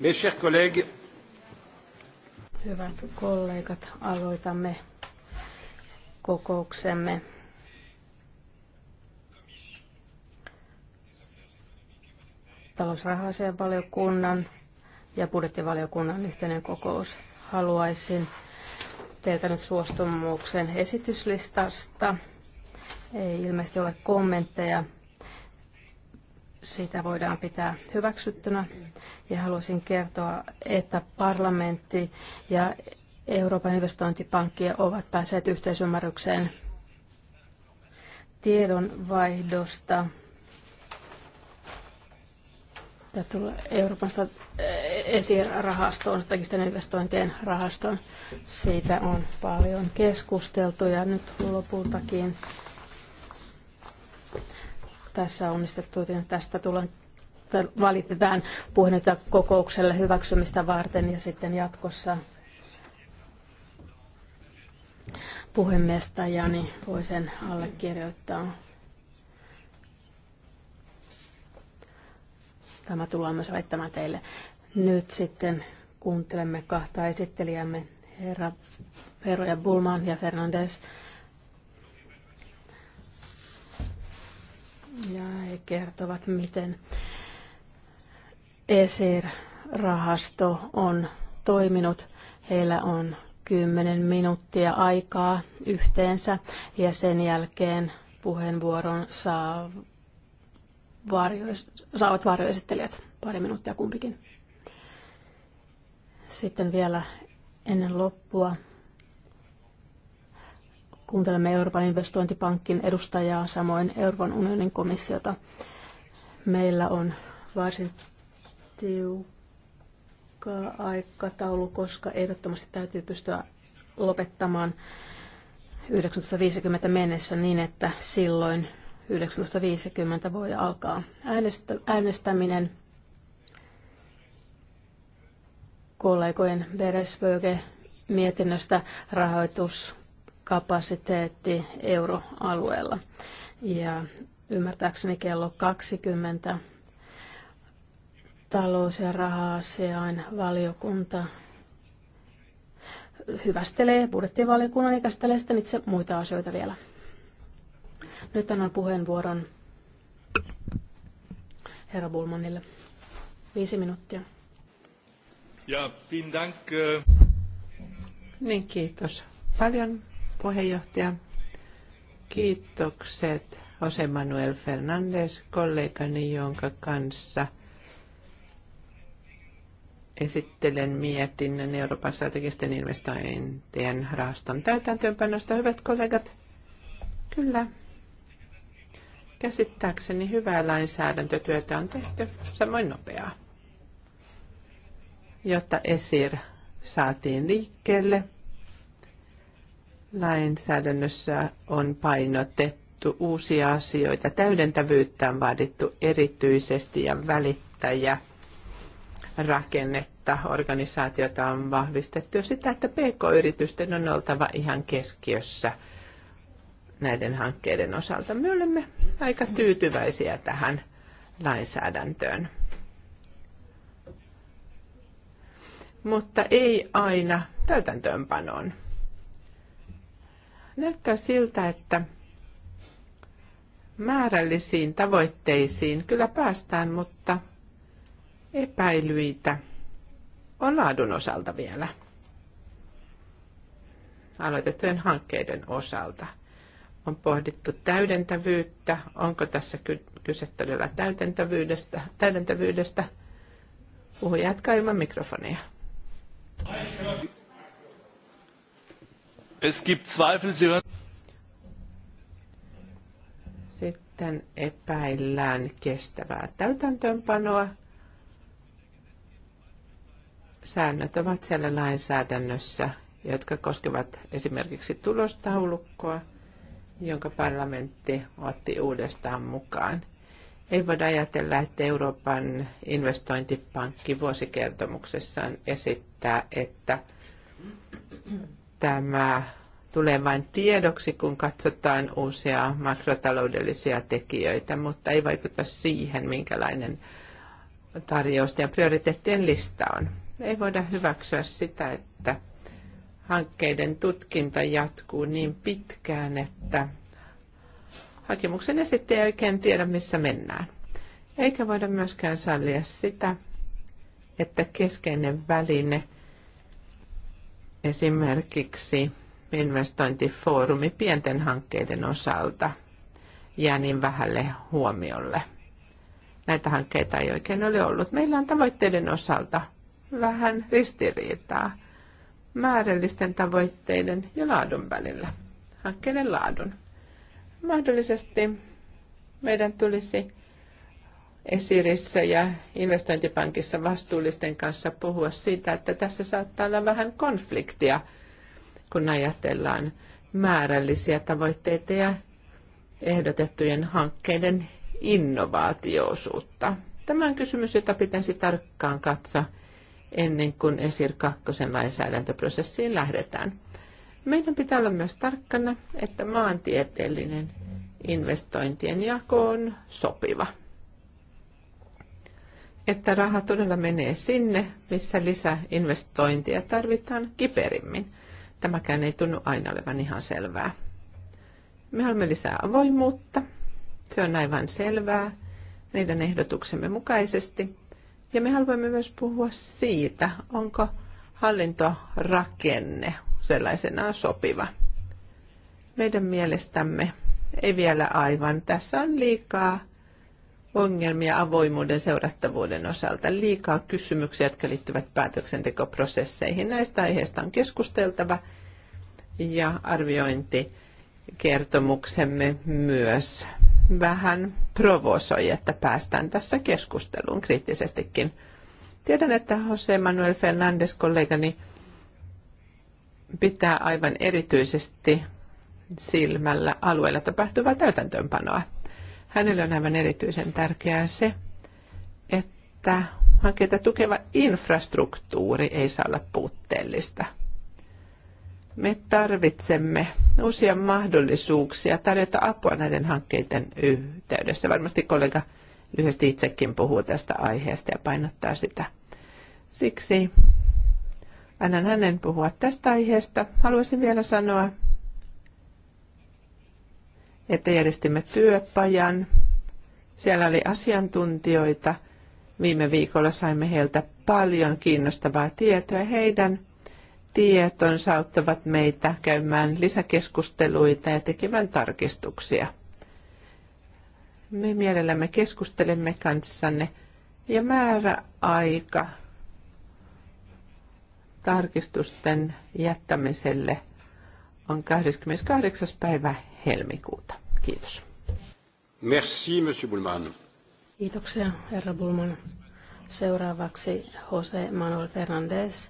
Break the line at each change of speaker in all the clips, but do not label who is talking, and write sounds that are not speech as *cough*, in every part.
Mes chers collègues.
Hyvät kollegat, aloitamme kokouksemme. Talousrahaisen valiokunnan ja budjettivaliokunnan yhteinen kokous. Haluaisin teiltä nyt suostumuksen esityslistasta. Ei ilmeisesti ole kommentteja sitä voidaan pitää hyväksyttynä. Ja haluaisin kertoa, että parlamentti ja Euroopan investointipankki ovat päässeet yhteisymmärrykseen tiedonvaihdosta. Tämä tulee Euroopan eh, esirahastoon, strategisten investointien rahastoon. Siitä on paljon keskusteltu ja nyt lopultakin tässä onnistettu, joten tästä tullaan valitetaan puheenjohtaja kokoukselle hyväksymistä varten ja sitten jatkossa
puhemestajani voi sen
allekirjoittaa. Tämä tullaan myös väittämään teille. Nyt sitten kuuntelemme kahta esittelijämme, herra, ja Bulman ja Fernandes. ja he kertovat, miten ESIR-rahasto e on toiminut. Heillä on 10 minuuttia aikaa yhteensä ja sen jälkeen puheenvuoron saa varjo, saavat varjoesittelijät pari minuuttia kumpikin. Sitten vielä ennen loppua Kuuntelemme Euroopan investointipankin edustajaa, samoin Euroopan unionin komissiota. Meillä on varsin tiukka aikataulu, koska ehdottomasti täytyy pystyä lopettamaan 19.50 mennessä niin, että silloin 19.50 voi alkaa äänestä, äänestäminen kollegojen Beresböge mietinnöstä rahoitus kapasiteetti euroalueella. Ja ymmärtääkseni kello 20 talous- ja raha valiokunta hyvästelee budjettivaliokunnan ja käsittelee sitten itse muita asioita vielä. Nyt annan puheenvuoron herra Bulmanille. Viisi minuuttia.
Ja, dank. Äh.
Niin, kiitos paljon puheenjohtaja. Kiitokset Jose Manuel Fernandes, kollegani, jonka kanssa esittelen mietinnön Euroopan strategisten investointien rahaston täytäntöönpanosta. Hyvät kollegat, kyllä. Käsittääkseni hyvää lainsäädäntötyötä on tehty, samoin nopeaa, jotta ESIR saatiin liikkeelle – lainsäädännössä on painotettu uusia asioita. Täydentävyyttä on vaadittu erityisesti ja välittäjä rakennetta, organisaatiota on vahvistettu ja sitä, että pk-yritysten on oltava ihan keskiössä näiden hankkeiden osalta. Me olemme aika tyytyväisiä tähän lainsäädäntöön. Mutta ei aina täytäntöönpanoon. Näyttää siltä, että määrällisiin tavoitteisiin kyllä päästään, mutta epäilyitä on laadun osalta vielä aloitettujen hankkeiden osalta. On pohdittu täydentävyyttä, onko tässä kyse todella täydentävyydestä, täydentävyydestä. Puhu jatkaa ilman mikrofonia. Es gibt Zweifel, Sie hören... Sitten epäillään kestävää täytäntöönpanoa. Säännöt ovat siellä lainsäädännössä, jotka koskevat esimerkiksi tulostaulukkoa, jonka parlamentti otti uudestaan mukaan. Ei voida ajatella, että Euroopan investointipankki vuosikertomuksessaan esittää, että tämä tulee vain tiedoksi, kun katsotaan uusia makrotaloudellisia tekijöitä, mutta ei vaikuta siihen, minkälainen tarjousten ja prioriteettien lista on. Ei voida hyväksyä sitä, että hankkeiden tutkinta jatkuu niin pitkään, että hakemuksen esittäjä ei oikein tiedä, missä mennään. Eikä voida myöskään sallia sitä, että keskeinen väline – esimerkiksi investointifoorumi pienten hankkeiden osalta jää niin vähälle huomiolle. Näitä hankkeita ei oikein ole ollut. Meillä on tavoitteiden osalta vähän ristiriitaa määrällisten tavoitteiden ja laadun välillä, hankkeiden laadun. Mahdollisesti meidän tulisi Esirissä ja investointipankissa vastuullisten kanssa puhua siitä, että tässä saattaa olla vähän konfliktia, kun ajatellaan määrällisiä tavoitteita ja ehdotettujen hankkeiden innovaatioosuutta. Tämä on kysymys, jota pitäisi tarkkaan katsoa ennen kuin ESIR 2 lainsäädäntöprosessiin lähdetään. Meidän pitää olla myös tarkkana, että maantieteellinen investointien jako on sopiva että raha todella menee sinne, missä lisäinvestointia tarvitaan kiperimmin. Tämäkään ei tunnu aina olevan ihan selvää. Me haluamme lisää avoimuutta, se on aivan selvää meidän ehdotuksemme mukaisesti. Ja me haluamme myös puhua siitä, onko hallintorakenne sellaisenaan sopiva. Meidän mielestämme ei vielä aivan. Tässä on liikaa ongelmia avoimuuden seurattavuuden osalta, liikaa kysymyksiä, jotka liittyvät päätöksentekoprosesseihin. Näistä aiheista on keskusteltava ja arviointi kertomuksemme myös vähän provosoi, että päästään tässä keskusteluun kriittisestikin. Tiedän, että Jose Manuel Fernandes kollegani pitää aivan erityisesti silmällä alueella tapahtuvaa täytäntöönpanoa hänelle on aivan erityisen tärkeää se, että hankkeita tukeva infrastruktuuri ei saa olla puutteellista. Me tarvitsemme uusia mahdollisuuksia tarjota apua näiden hankkeiden yhteydessä. Varmasti kollega lyhyesti itsekin puhuu tästä aiheesta ja painottaa sitä. Siksi annan hänen puhua tästä aiheesta. Haluaisin vielä sanoa että järjestimme työpajan. Siellä oli asiantuntijoita. Viime viikolla saimme heiltä paljon kiinnostavaa tietoa. Heidän tietonsa auttavat meitä käymään lisäkeskusteluita ja tekemään tarkistuksia. Me mielellämme keskustelemme kanssanne ja määräaika tarkistusten jättämiselle on 28. päivä helmikuuta. Kiitos. Merci, Monsieur Bulman.
Kiitoksia, herra Bulman. Seuraavaksi Jose Manuel Fernandez,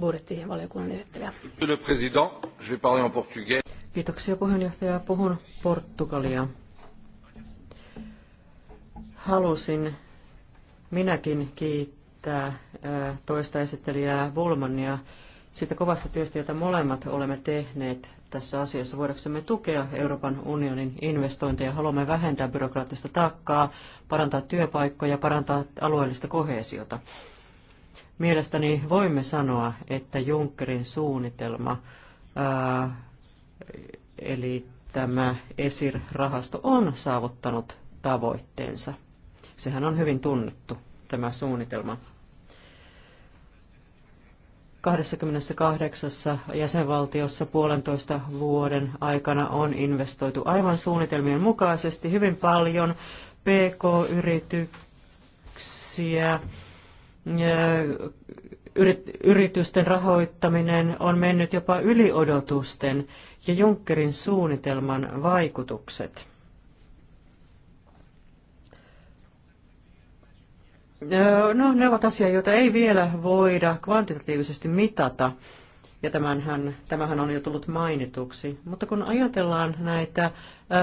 budjettivaliokunnan esittelijä.
Monsieur le Président, je vais
parler en portugais. Kiitoksia puheenjohtaja. Puhun Portugalia. Halusin minäkin kiittää toista esittelijää Bulmania siitä kovasta työstä, jota molemmat olemme tehneet tässä asiassa? Voidaksemme tukea Euroopan unionin investointeja? Haluamme vähentää byrokraattista taakkaa, parantaa työpaikkoja, parantaa alueellista kohesiota. Mielestäni voimme sanoa, että Junckerin suunnitelma, ää, eli tämä ESIR-rahasto on saavuttanut tavoitteensa. Sehän on hyvin tunnettu, tämä suunnitelma. 28 jäsenvaltiossa puolentoista vuoden aikana on investoitu aivan suunnitelmien mukaisesti hyvin paljon PK-yrityksiä. Yritysten rahoittaminen on mennyt jopa yli odotusten ja Junckerin suunnitelman vaikutukset. No, ne ovat asia, joita ei vielä voida kvantitatiivisesti mitata, ja tämähän, tämähän on jo tullut mainituksi. Mutta kun ajatellaan näitä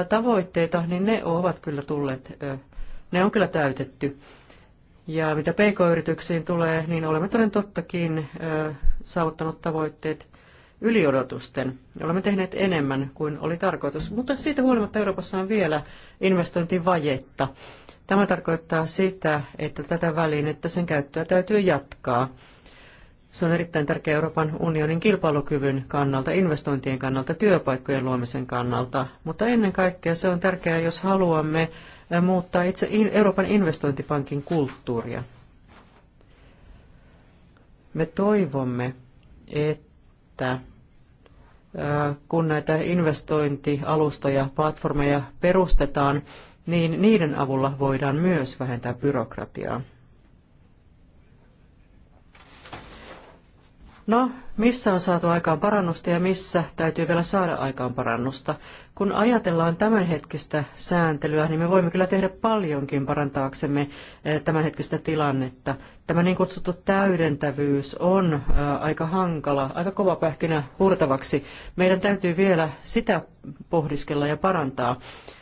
tavoitteita, niin ne ovat kyllä tulleet, ne on kyllä täytetty. Ja mitä pk-yrityksiin tulee, niin olemme toden tottakin saavuttanut tavoitteet yliodotusten. Olemme tehneet enemmän kuin oli tarkoitus, mutta siitä huolimatta Euroopassa on vielä investointivajetta. Tämä tarkoittaa sitä, että tätä välinettä sen käyttöä täytyy jatkaa. Se on erittäin tärkeä Euroopan unionin kilpailukyvyn kannalta, investointien kannalta, työpaikkojen luomisen kannalta, mutta ennen kaikkea se on tärkeää, jos haluamme eh, muuttaa itse Euroopan investointipankin kulttuuria. Me toivomme, että eh, kun näitä investointialustoja, platformeja perustetaan, niin niiden avulla voidaan myös vähentää byrokratiaa. No, missä on saatu aikaan parannusta ja missä täytyy vielä saada aikaan parannusta? Kun ajatellaan tämänhetkistä sääntelyä, niin me voimme kyllä tehdä paljonkin parantaaksemme eh, tämänhetkistä tilannetta. Tämä niin kutsuttu täydentävyys on eh, aika hankala, aika kova pähkinä purtavaksi. Meidän täytyy vielä sitä pohdiskella ja parantaa.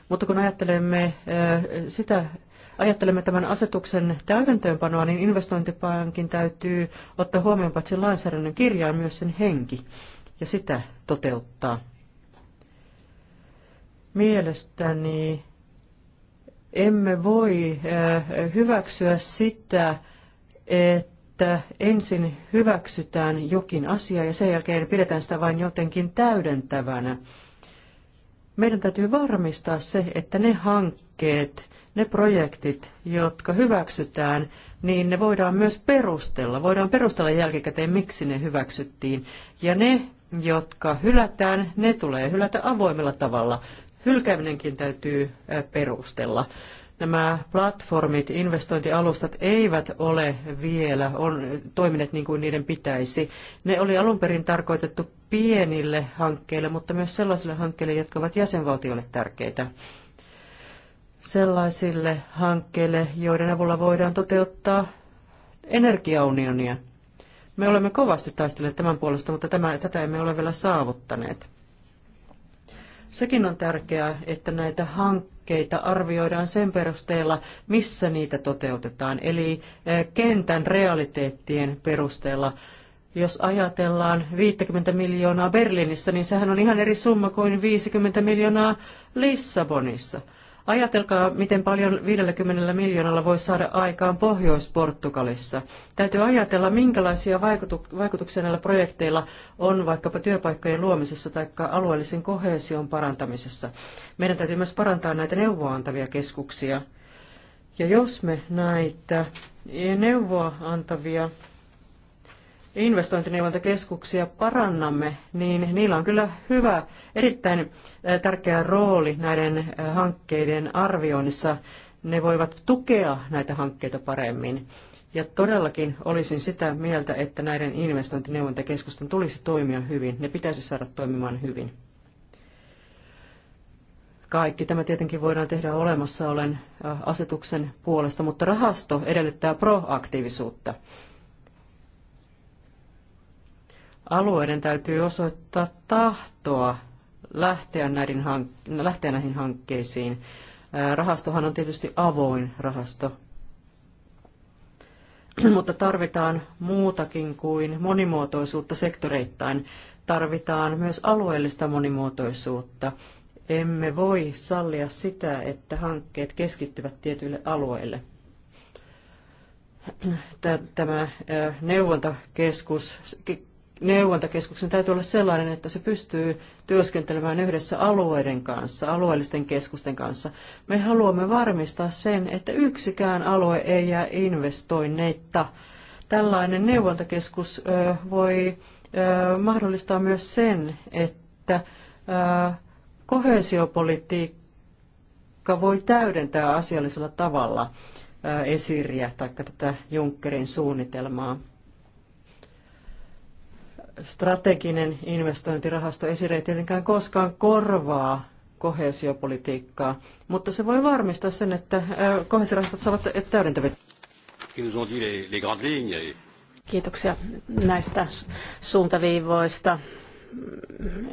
Mutta kun ajattelemme eh, sitä, ajattelemme tämän asetuksen täytäntöönpanoa, niin investointipankin täytyy ottaa huomioon paitsi lainsäädännön kirjaan myös sen henki ja sitä toteuttaa. Mielestäni emme voi eh, hyväksyä sitä, että ensin hyväksytään jokin asia ja sen jälkeen pidetään sitä vain jotenkin täydentävänä meidän täytyy varmistaa se, että ne hankkeet, ne projektit, jotka hyväksytään, niin ne voidaan myös perustella. Voidaan perustella jälkikäteen, miksi ne hyväksyttiin. Ja ne, jotka hylätään, ne tulee hylätä avoimella tavalla. Hylkääminenkin täytyy perustella. Nämä platformit, investointialustat eivät ole vielä on, toimineet niin kuin niiden pitäisi. Ne oli alun perin tarkoitettu pienille hankkeille, mutta myös sellaisille hankkeille, jotka ovat jäsenvaltiolle tärkeitä. Sellaisille hankkeille, joiden avulla voidaan toteuttaa energiaunionia. Me olemme kovasti taistelleet tämän puolesta, mutta tämä, tätä emme ole vielä saavuttaneet. Sekin on tärkeää, että näitä hankkeita arvioidaan sen perusteella, missä niitä toteutetaan, eli eh, kentän realiteettien perusteella jos ajatellaan 50 miljoonaa Berliinissä, niin sehän on ihan eri summa kuin 50 miljoonaa Lissabonissa. Ajatelkaa, miten paljon 50 miljoonalla voi saada aikaan Pohjois-Portugalissa. Täytyy ajatella, minkälaisia vaikutuksia näillä projekteilla on vaikkapa työpaikkojen luomisessa tai alueellisen koheesion parantamisessa. Meidän täytyy myös parantaa näitä neuvoa antavia keskuksia. Ja jos me näitä neuvoa antavia investointineuvontakeskuksia parannamme, niin niillä on kyllä hyvä, erittäin tärkeä rooli näiden hankkeiden arvioinnissa. Ne voivat tukea näitä hankkeita paremmin. Ja todellakin olisin sitä mieltä, että näiden investointineuvontakeskusten tulisi toimia hyvin. Ne pitäisi saada toimimaan hyvin. Kaikki tämä tietenkin voidaan tehdä olemassa olen asetuksen puolesta, mutta rahasto edellyttää proaktiivisuutta alueiden täytyy osoittaa tahtoa lähteä, näihin hank- lähteä näihin hankkeisiin. Rahastohan on tietysti avoin rahasto, *clears throat* mutta tarvitaan muutakin kuin monimuotoisuutta sektoreittain. Tarvitaan myös alueellista monimuotoisuutta. Emme voi sallia sitä, että hankkeet keskittyvät tietyille alueille. *clears throat* Tämä neuvontakeskus neuvontakeskuksen täytyy olla sellainen, että se pystyy työskentelemään yhdessä alueiden kanssa, alueellisten keskusten kanssa. Me haluamme varmistaa sen, että yksikään alue ei jää investoinneitta. Tällainen neuvontakeskus voi mahdollistaa myös sen, että kohesiopolitiikka voi täydentää asiallisella tavalla esiriä tai tätä Junckerin suunnitelmaa strateginen investointirahasto esire ei tietenkään koskaan korvaa kohesiopolitiikkaa, mutta se voi varmistaa sen, että äh, kohesiorahastot saavat täydentäviä.
Kiitoksia näistä suuntaviivoista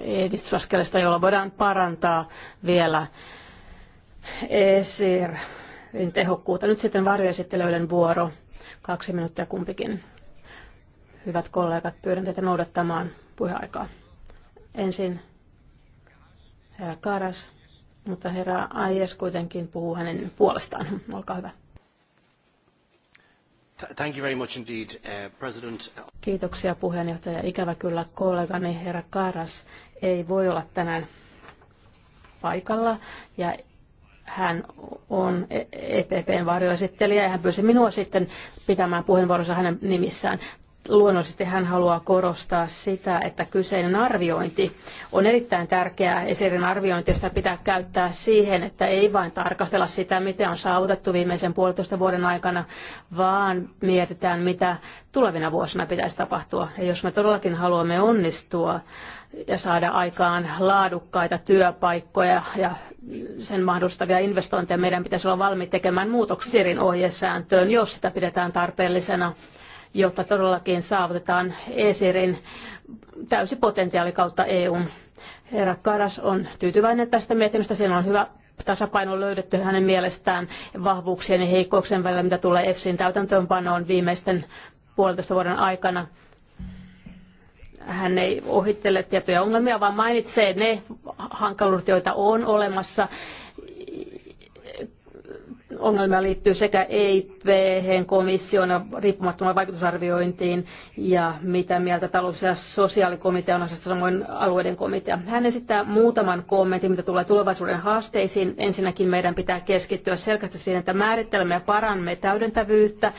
edistysaskeleista, joilla voidaan parantaa vielä ESIR tehokkuutta. Nyt sitten varjoesittelyiden vuoro. Kaksi minuuttia kumpikin. Hyvät kollegat, pyydän teitä noudattamaan puheaikaa. Ensin herra Karas, mutta herra Aies kuitenkin puhuu hänen puolestaan. Olkaa hyvä.
Thank you very much indeed, uh, President.
Kiitoksia puheenjohtaja. Ikävä kyllä kollegani herra Karas ei voi olla tänään paikalla ja hän on EPPn varjoesittelijä ja hän pyysi minua sitten pitämään puheenvuoronsa hänen nimissään luonnollisesti hän haluaa korostaa sitä, että kyseinen arviointi on erittäin tärkeää. Esirin arviointi sitä pitää käyttää siihen, että ei vain tarkastella sitä, mitä on saavutettu viimeisen puolitoista vuoden aikana, vaan mietitään, mitä tulevina vuosina pitäisi tapahtua. Ja jos me todellakin haluamme onnistua ja saada aikaan laadukkaita työpaikkoja ja sen mahdollistavia investointeja, meidän pitäisi olla valmiit tekemään muutoksia Sirin ohjesääntöön, jos sitä pidetään tarpeellisena jotta todellakin saavutetaan ESIRin täysi potentiaali kautta EUn. Herra Karas on tyytyväinen tästä mietinnöstä. Siinä on hyvä tasapaino löydetty hänen mielestään vahvuuksien ja heikkouksien välillä, mitä tulee EFSin täytäntöönpanoon viimeisten puolentoista vuoden aikana. Hän ei ohittele tiettyjä ongelmia, vaan mainitsee ne hankaluudet, joita on olemassa ongelmia liittyy sekä EIP, komission ja riippumattomaan vaikutusarviointiin ja mitä mieltä talous- ja sosiaalikomitea on asiasta samoin alueiden komitea. Hän esittää muutaman kommentin, mitä tulee tulevaisuuden haasteisiin. Ensinnäkin meidän pitää keskittyä selkeästi siihen, että määrittelemme ja parannamme täydentävyyttä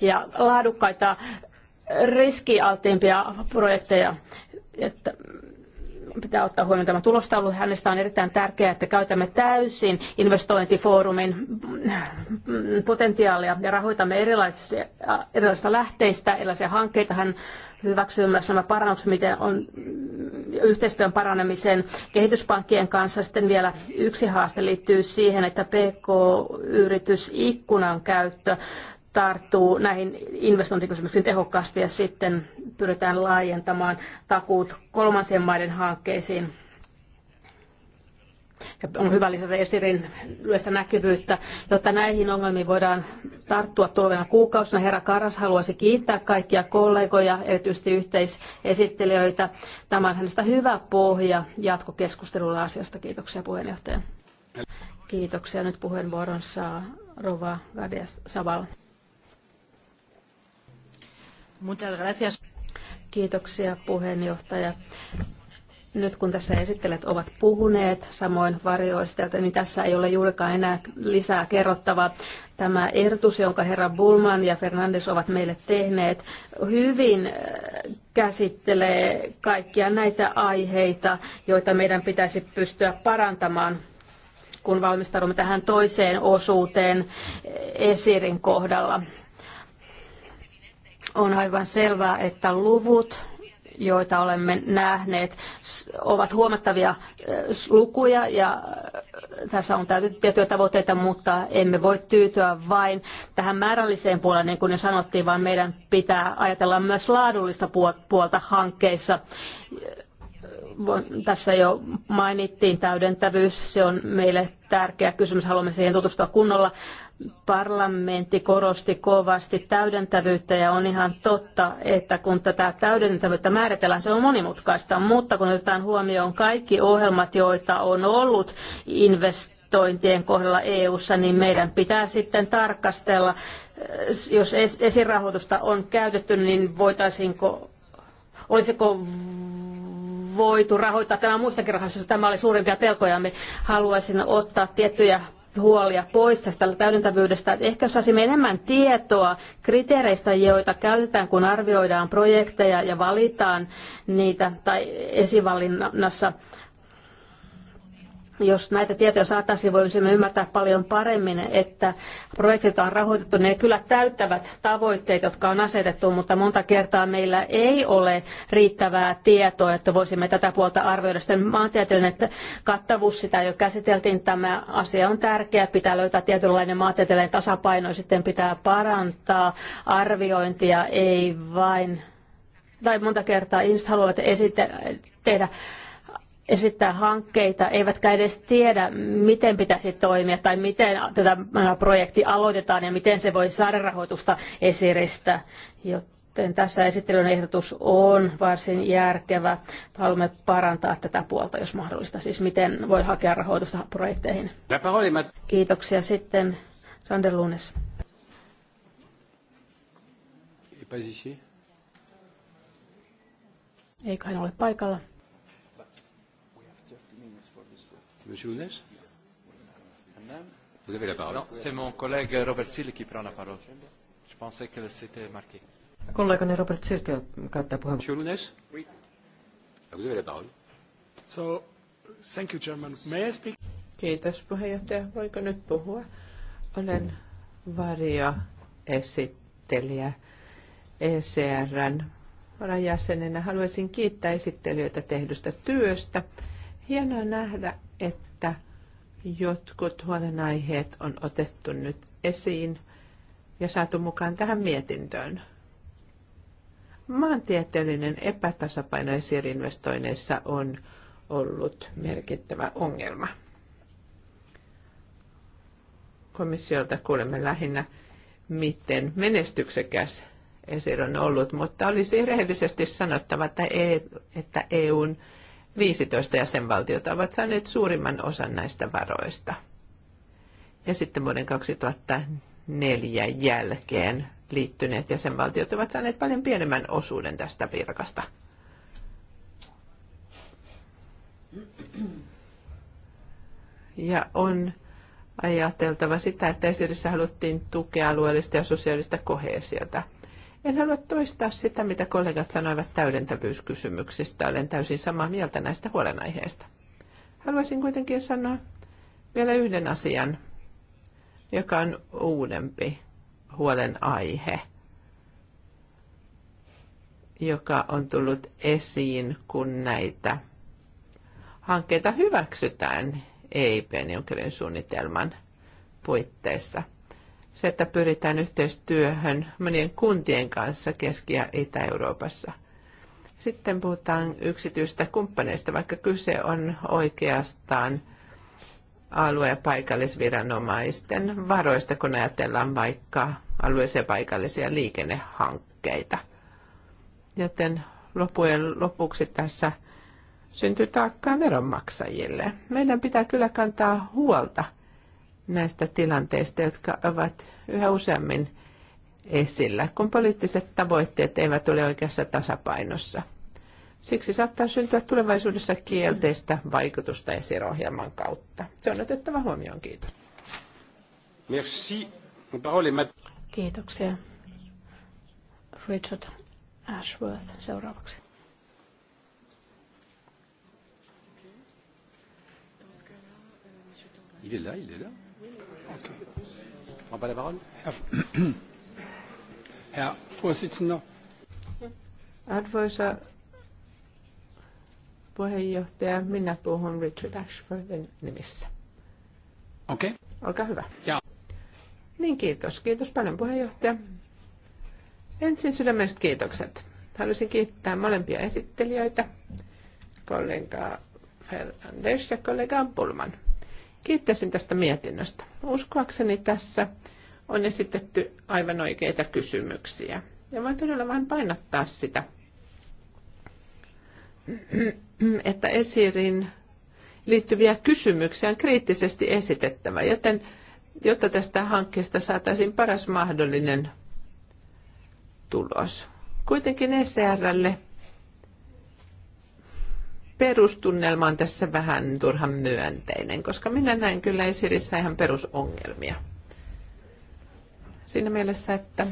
ja laadukkaita riskialttiimpia projekteja. Että pitää ottaa huomioon tämä tulostaulu. Hänestä on erittäin tärkeää, että käytämme täysin investointifoorumin potentiaalia ja rahoitamme erilaisista, erilaisista lähteistä, erilaisia hankkeita. Hän hyväksyy myös nämä parannukset, miten on yhteistyön paranemisen kehityspankkien kanssa. Sitten vielä yksi haaste liittyy siihen, että PK-yritysikkunan käyttö tarttuu näihin investointikysymyksiin tehokkaasti ja sitten pyritään laajentamaan takuut kolmansien maiden hankkeisiin. Ja on hyvä lisätä esirin yleistä näkyvyyttä, jotta näihin ongelmiin voidaan tarttua tulevina kuukausina. Herra Karas haluaisi kiittää kaikkia kollegoja, erityisesti yhteisesittelijöitä. Tämä on hänestä hyvä pohja jatkokeskustelulla asiasta. Kiitoksia puheenjohtaja. Kiitoksia. Nyt puheenvuoron saa Rova Gades Saval. Muchas gracias. Kiitoksia puheenjohtaja. Nyt kun tässä esittelijät ovat puhuneet, samoin varjoista, niin tässä ei ole juurikaan enää lisää kerrottavaa. Tämä ehdotus, jonka herra Bulman ja Fernandes ovat meille tehneet, hyvin äh, käsittelee kaikkia näitä aiheita, joita meidän pitäisi pystyä parantamaan kun valmistaudumme tähän toiseen osuuteen äh, esirin kohdalla. On aivan selvää, että luvut, joita olemme nähneet, ovat huomattavia lukuja ja tässä on tiettyjä tavoitteita, mutta emme voi tyytyä vain tähän määrälliseen puoleen, niin kuin ne sanottiin, vaan meidän pitää ajatella myös laadullista puolta hankkeissa tässä jo mainittiin täydentävyys, se on meille tärkeä kysymys, haluamme siihen tutustua kunnolla. Parlamentti korosti kovasti täydentävyyttä ja on ihan totta, että kun tätä täydentävyyttä määritellään, se on monimutkaista, mutta kun otetaan huomioon kaikki ohjelmat, joita on ollut investointien kohdalla EU-ssa, niin meidän pitää sitten tarkastella, jos esirahoitusta on käytetty, niin voitaisiinko olisiko voitu rahoittaa tämä muistakin rahastosta. Tämä oli suurimpia pelkojamme. Haluaisin ottaa tiettyjä huolia pois tästä täydentävyydestä. Ehkä jos saisimme enemmän tietoa kriteereistä, joita käytetään, kun arvioidaan projekteja ja valitaan niitä tai esivalinnassa jos näitä tietoja saataisiin, niin voisimme ymmärtää paljon paremmin, että projektit on rahoitettu, ne kyllä täyttävät tavoitteet, jotka on asetettu, mutta monta kertaa meillä ei ole riittävää tietoa, että voisimme tätä puolta arvioida. Sitten maantieteellinen kattavuus, sitä jo käsiteltiin, tämä asia on tärkeä, pitää löytää tietynlainen maantieteellinen tasapaino, sitten pitää parantaa arviointia, ei vain, tai monta kertaa ihmiset haluavat esite- tehdä esittää hankkeita, eivätkä edes tiedä, miten pitäisi toimia tai miten tätä projekti aloitetaan ja miten se voi saada rahoitusta esiristä. Joten tässä esittelyn ehdotus on varsin järkevä. Haluamme parantaa tätä puolta, jos mahdollista. Siis miten voi hakea rahoitusta projekteihin. Kiitoksia sitten Sander Lunes. Ei hän ole paikalla?
Monsieur Ounès Vous avez la parole. C'est mon collègue Robert Sille qui prend la parole. Je pensais que c'était marqué.
Kollegani Robert
Sirkö käyttää puheenvuoron. Monsieur Lounès Oui. Ah, vous avez la parole. So, thank you, Chairman. May I speak? Kiitos puheenjohtaja. Voiko nyt puhua? Olen varjoesittelijä ECRn varajäsenenä. Haluaisin kiittää esittelijöitä tehdystä työstä. Hienoa nähdä, että jotkut huolenaiheet on otettu nyt esiin ja saatu mukaan tähän mietintöön. Maantieteellinen epätasapaino esirinvestoinneissa on ollut merkittävä ongelma. Komissiolta kuulemme lähinnä, miten menestyksekäs esir on ollut, mutta olisi rehellisesti sanottava, että e- EUn 15 jäsenvaltiota ovat saaneet suurimman osan näistä varoista. Ja sitten vuoden 2004 jälkeen liittyneet jäsenvaltiot ovat saaneet paljon pienemmän osuuden tästä virkasta. Ja on ajateltava sitä, että esityksessä haluttiin tukea alueellista ja sosiaalista kohesiota – en halua toistaa sitä, mitä kollegat sanoivat täydentävyyskysymyksistä. Olen täysin samaa mieltä näistä huolenaiheista. Haluaisin kuitenkin sanoa vielä yhden asian, joka on uudempi huolenaihe, joka on tullut esiin, kun näitä hankkeita hyväksytään EIP-Junckerin suunnitelman puitteissa – se, että pyritään yhteistyöhön monien kuntien kanssa Keski- ja Itä-Euroopassa. Sitten puhutaan yksityistä kumppaneista, vaikka kyse on oikeastaan alue- ja paikallisviranomaisten varoista, kun ajatellaan vaikka alueellisia paikallisia liikennehankkeita. Joten lopujen lopuksi tässä syntyy taakkaa veronmaksajille. Meidän pitää kyllä kantaa huolta – näistä tilanteista, jotka ovat yhä useammin esillä, kun poliittiset tavoitteet eivät ole oikeassa tasapainossa. Siksi saattaa syntyä tulevaisuudessa kielteistä vaikutusta esirohjelman kautta. Se on otettava huomioon. Kiitos. Merci. Kiitoksia. Richard
Ashworth seuraavaksi. Il est là, il est là.
*coughs*
Herr Vorsitzender.
Arvoisa puheenjohtaja, minä puhun Richard Ashfordin nimissä. Okei. Okay. Olkaa hyvä. Ja. Niin kiitos. Kiitos paljon puheenjohtaja. Ensin sydämestä kiitokset. Haluaisin kiittää molempia esittelijöitä, kollegaa Fernandes ja kollegaa Pulman. Kiittäisin tästä mietinnöstä. Uskoakseni tässä on esitetty aivan oikeita kysymyksiä. Ja voin todella vain painottaa sitä, että esirin liittyviä kysymyksiä on kriittisesti esitettävä, joten jotta tästä hankkeesta saataisiin paras mahdollinen tulos. Kuitenkin ECRlle perustunnelma on tässä vähän turhan myönteinen, koska minä näen kyllä Esirissä ihan perusongelmia. Siinä mielessä, että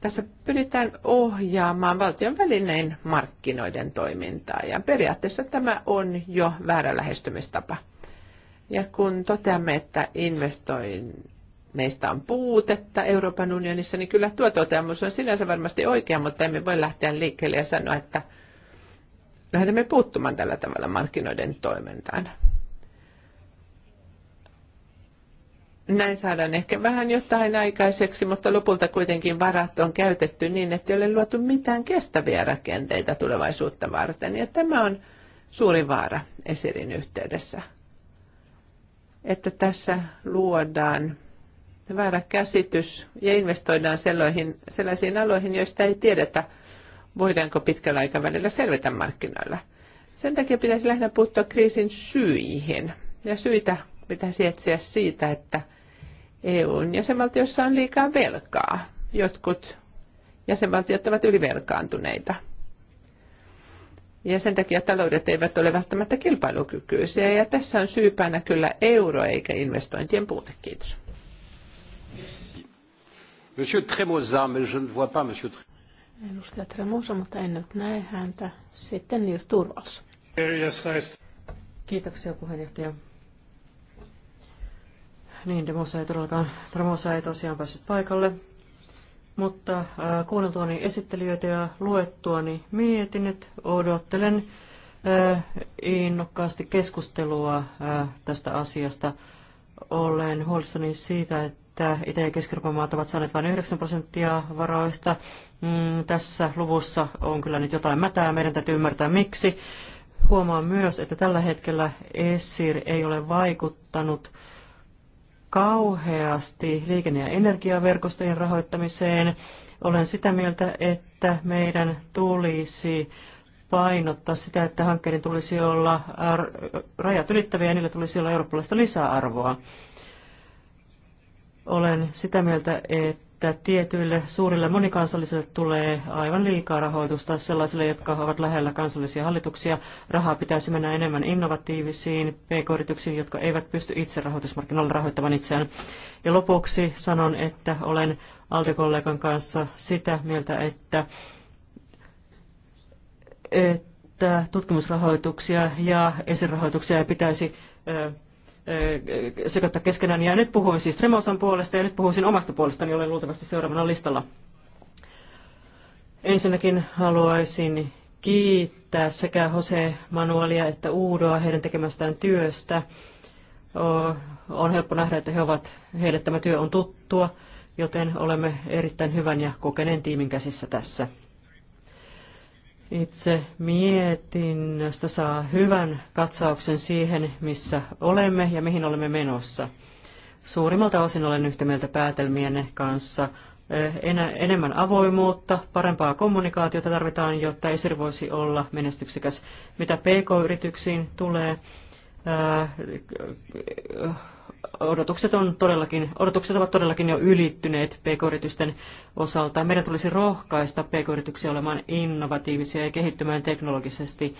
tässä pyritään ohjaamaan valtion välinein markkinoiden toimintaa ja periaatteessa tämä on jo väärä lähestymistapa. Ja kun toteamme, että investoinneista on puutetta Euroopan unionissa, niin kyllä tuo toteamus on sinänsä varmasti oikea, mutta emme voi lähteä liikkeelle ja sanoa, että – lähdemme puuttumaan tällä tavalla markkinoiden toimintaan. Näin saadaan ehkä vähän jotain aikaiseksi, mutta lopulta kuitenkin varat on käytetty niin, että ei ole luotu mitään kestäviä rakenteita tulevaisuutta varten. Ja tämä on suuri vaara esirin yhteydessä, että tässä luodaan väärä käsitys ja investoidaan sellaisiin aloihin, joista ei tiedetä – voidaanko pitkällä aikavälillä selvitä markkinoilla. Sen takia pitäisi lähinnä puuttua kriisin syihin. Ja syitä pitäisi etsiä siitä, että EUn jäsenvaltiossa on liikaa velkaa. Jotkut jäsenvaltiot ovat ylivelkaantuneita. Ja sen takia taloudet eivät ole välttämättä kilpailukykyisiä. Ja tässä on syypäänä kyllä euro eikä investointien puute. Kiitos. Monsieur Tremosa, mais je ne vois pas Monsieur
edustaja Tremusa, mutta en nyt näe häntä. Sitten Nils Turvals.
Kiitoksia puheenjohtaja. Niin, Demosa ei todellakaan, Tremosa ei tosiaan päässyt paikalle, mutta äh, kuunneltuani esittelijöitä ja luettuani mietinnöt odottelen äh, innokkaasti keskustelua äh, tästä asiasta. Olen huolissani siitä, että että Itä- ja keski maat ovat saaneet vain 9 prosenttia varoista. Mm, tässä luvussa on kyllä nyt jotain mätää, meidän täytyy ymmärtää miksi. Huomaan myös, että tällä hetkellä ESIR ei ole vaikuttanut kauheasti liikenne- ja energiaverkostojen rahoittamiseen. Olen sitä mieltä, että meidän tulisi painottaa sitä, että hankkeiden tulisi olla rajat ylittäviä ja niillä tulisi olla eurooppalaista lisäarvoa. Olen sitä mieltä, että tietyille suurille monikansallisille tulee aivan liikaa rahoitusta sellaisille, jotka ovat lähellä kansallisia hallituksia. Rahaa pitäisi mennä enemmän innovatiivisiin pk-yrityksiin, jotka eivät pysty itse rahoitusmarkkinoilla rahoittamaan itseään. Ja lopuksi sanon, että olen Alde-kollegan kanssa sitä mieltä, että, että tutkimusrahoituksia ja esirahoituksia pitäisi sekoittaa keskenään. Ja nyt puhuin siis Tremosan puolesta ja nyt puhuisin omasta puolestani, olen luultavasti seuraavana listalla. Ensinnäkin haluaisin kiittää sekä Jose Manuelia että Uudoa heidän tekemästään työstä. On helppo nähdä, että he ovat, heille tämä työ on tuttua, joten olemme erittäin hyvän ja kokeneen tiimin käsissä tässä itse mietinnöstä saa hyvän katsauksen siihen, missä olemme ja mihin olemme menossa. Suurimmalta osin olen yhtä mieltä päätelmienne kanssa. Eh, enemmän avoimuutta, parempaa kommunikaatiota tarvitaan, jotta Esir voisi olla menestyksekäs. Mitä PK-yrityksiin tulee, eh, odotukset, on todellakin, odotukset ovat todellakin jo ylittyneet pk-yritysten osalta. Meidän tulisi rohkaista pk-yrityksiä olemaan innovatiivisia ja kehittymään teknologisesti.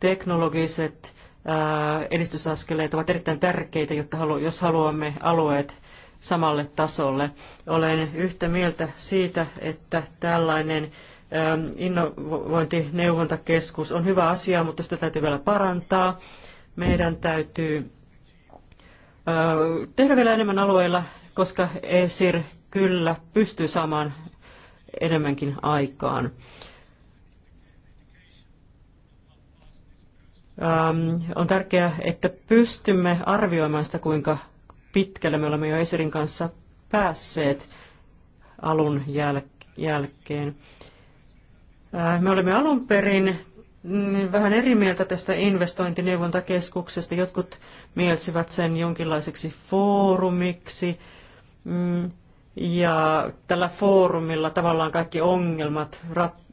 Teknologiset edistysaskeleet ovat erittäin tärkeitä, jotta halu, jos haluamme alueet samalle tasolle. Olen yhtä mieltä siitä, että tällainen innovointineuvontakeskus on hyvä asia, mutta sitä täytyy vielä parantaa. Meidän täytyy tehdä vielä enemmän alueilla, koska ESIR kyllä pystyy saamaan enemmänkin aikaan. on tärkeää, että pystymme arvioimaan sitä, kuinka pitkälle me olemme jo Esirin kanssa päässeet alun jälkeen. Me olemme alun perin niin vähän eri mieltä tästä investointineuvontakeskuksesta. Jotkut mielsivät sen jonkinlaiseksi foorumiksi. Mm, ja tällä foorumilla tavallaan kaikki ongelmat